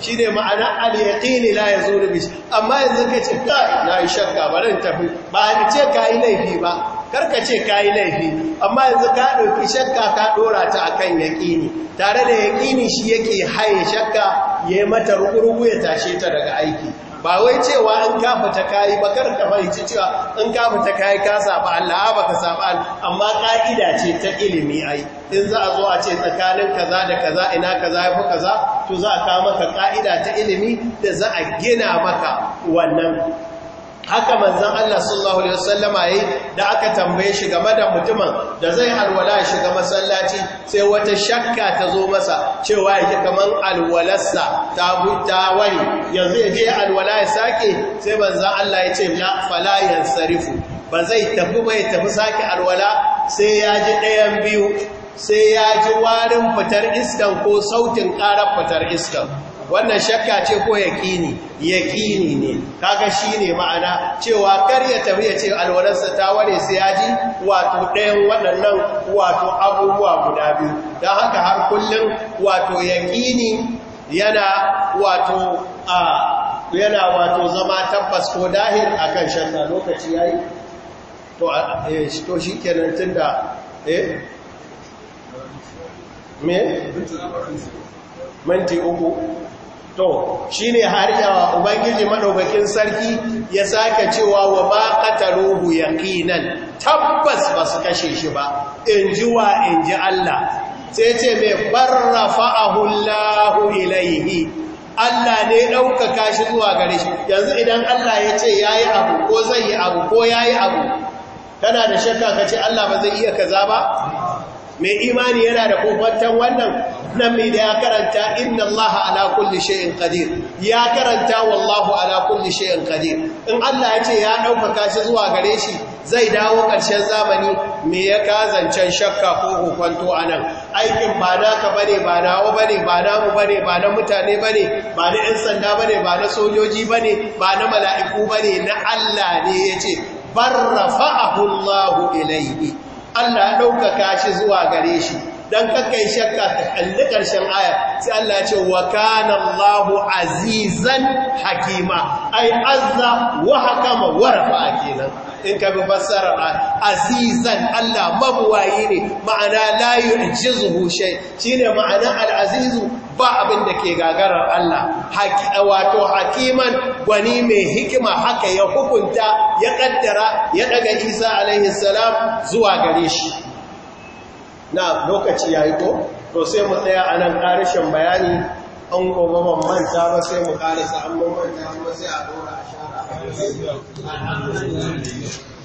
shi ne ma'ana al-yaqini la yazulu bi amma yanzu ka ce ta na yi shakka barin tafi ba ni ce kai laifi ba karka ce kai laifi amma yanzu ka dauki shakka ka dora ta akan yaqini tare da yaqini shi yake haye shakka yayi mata rugurugu ya tashe ta daga aiki ba wai cewa in ka ta kayi ba kar ka fahimci cewa in ka ta kayi ka saba Allah ba ka saba amma ka'ida ce ta ilimi ai in za a zo a ce tsakanin kaza da kaza ina kaza fi kaza to za a kawo maka ka'ida ta ilimi da za a gina maka wannan haka manzan Allah sallallahu Alaihi wasallama yi da aka tambaye shi game da mutumin da zai alwala shiga masallaci sai wata shakka ta zo masa cewa yake kaman alwalarsa ta buta wani yanzu ya je alwala ya sake sai manzan Allah ya ce na falayen sarifu ba zai tafi bai tafi sake alwala sai ya ji ɗayan biyu sai ya ji warin fitar iskan ko sautin ƙarar fitar iskan wannan shakka ce ko yaƙini yaƙini ne kaga shi ne ma'ana cewa kar ya tafi ya ce alwalarsa ta ware sai ya ji wato ɗayan waɗannan wato abubuwa guda biyu don haka har kullum wato yaƙini yana wato a yana wato zama tabbas ko dahir akan shakka lokaci yi to eh, to shikenan tunda eh minti uku to shi ne har ubangiji maɗaukakin sarki ya sake cewa wa ba ma qataluhu yaqinan tabbas ba su kashe shi ba ji wa inji Allah sai ce mai barra fa’ahullahu ilaihi Allah ne ɗaukaka shi zuwa gare shi yanzu idan Allah ya ce ya yi abu ko zai yi abu ko ya yi abu kana da shakka ka ce Allah ba zai iya kaza ba mai imani yana da kofantan wannan nan mai da ya karanta inna Allah ala kulli shay'in qadir ya karanta wallahu ala kulli shay'in qadir in Allah ya ce ya ɗaukaka shi zuwa gare shi zai dawo karshen zamani me ya kazancen shakka ko hukunto anan aikin ba ka bane ba nawo bane ba mu bane ba na mutane bane ba na ɗan sanda bane ba na sojoji bane ba na mala'iku bane na Allah ne ya ce barrafa'ahu Allahu ilayhi Allah ya ɗaukaka shi zuwa gare shi dan kakai shakka ta kalli karshen aya sai Allah ya ce wa kana Allahu azizan hakima ai azza wa hakama wa rafa'a kenan in ka bi fassara azizan Allah mabuwayi ne ma'ana la yu'jizuhu shay shine ma'ana al-azizu ba abin da ke gagarar Allah wato hakiman gwani mai hikima haka ya hukunta ya kaddara ya daga Isa alaihi salam zuwa gare shi na lokaci ya yi ko to sai mu tsaya a nan ƙarishin bayani an gobe ban manta ba sai mu karisa an manta ba sai a dora a shara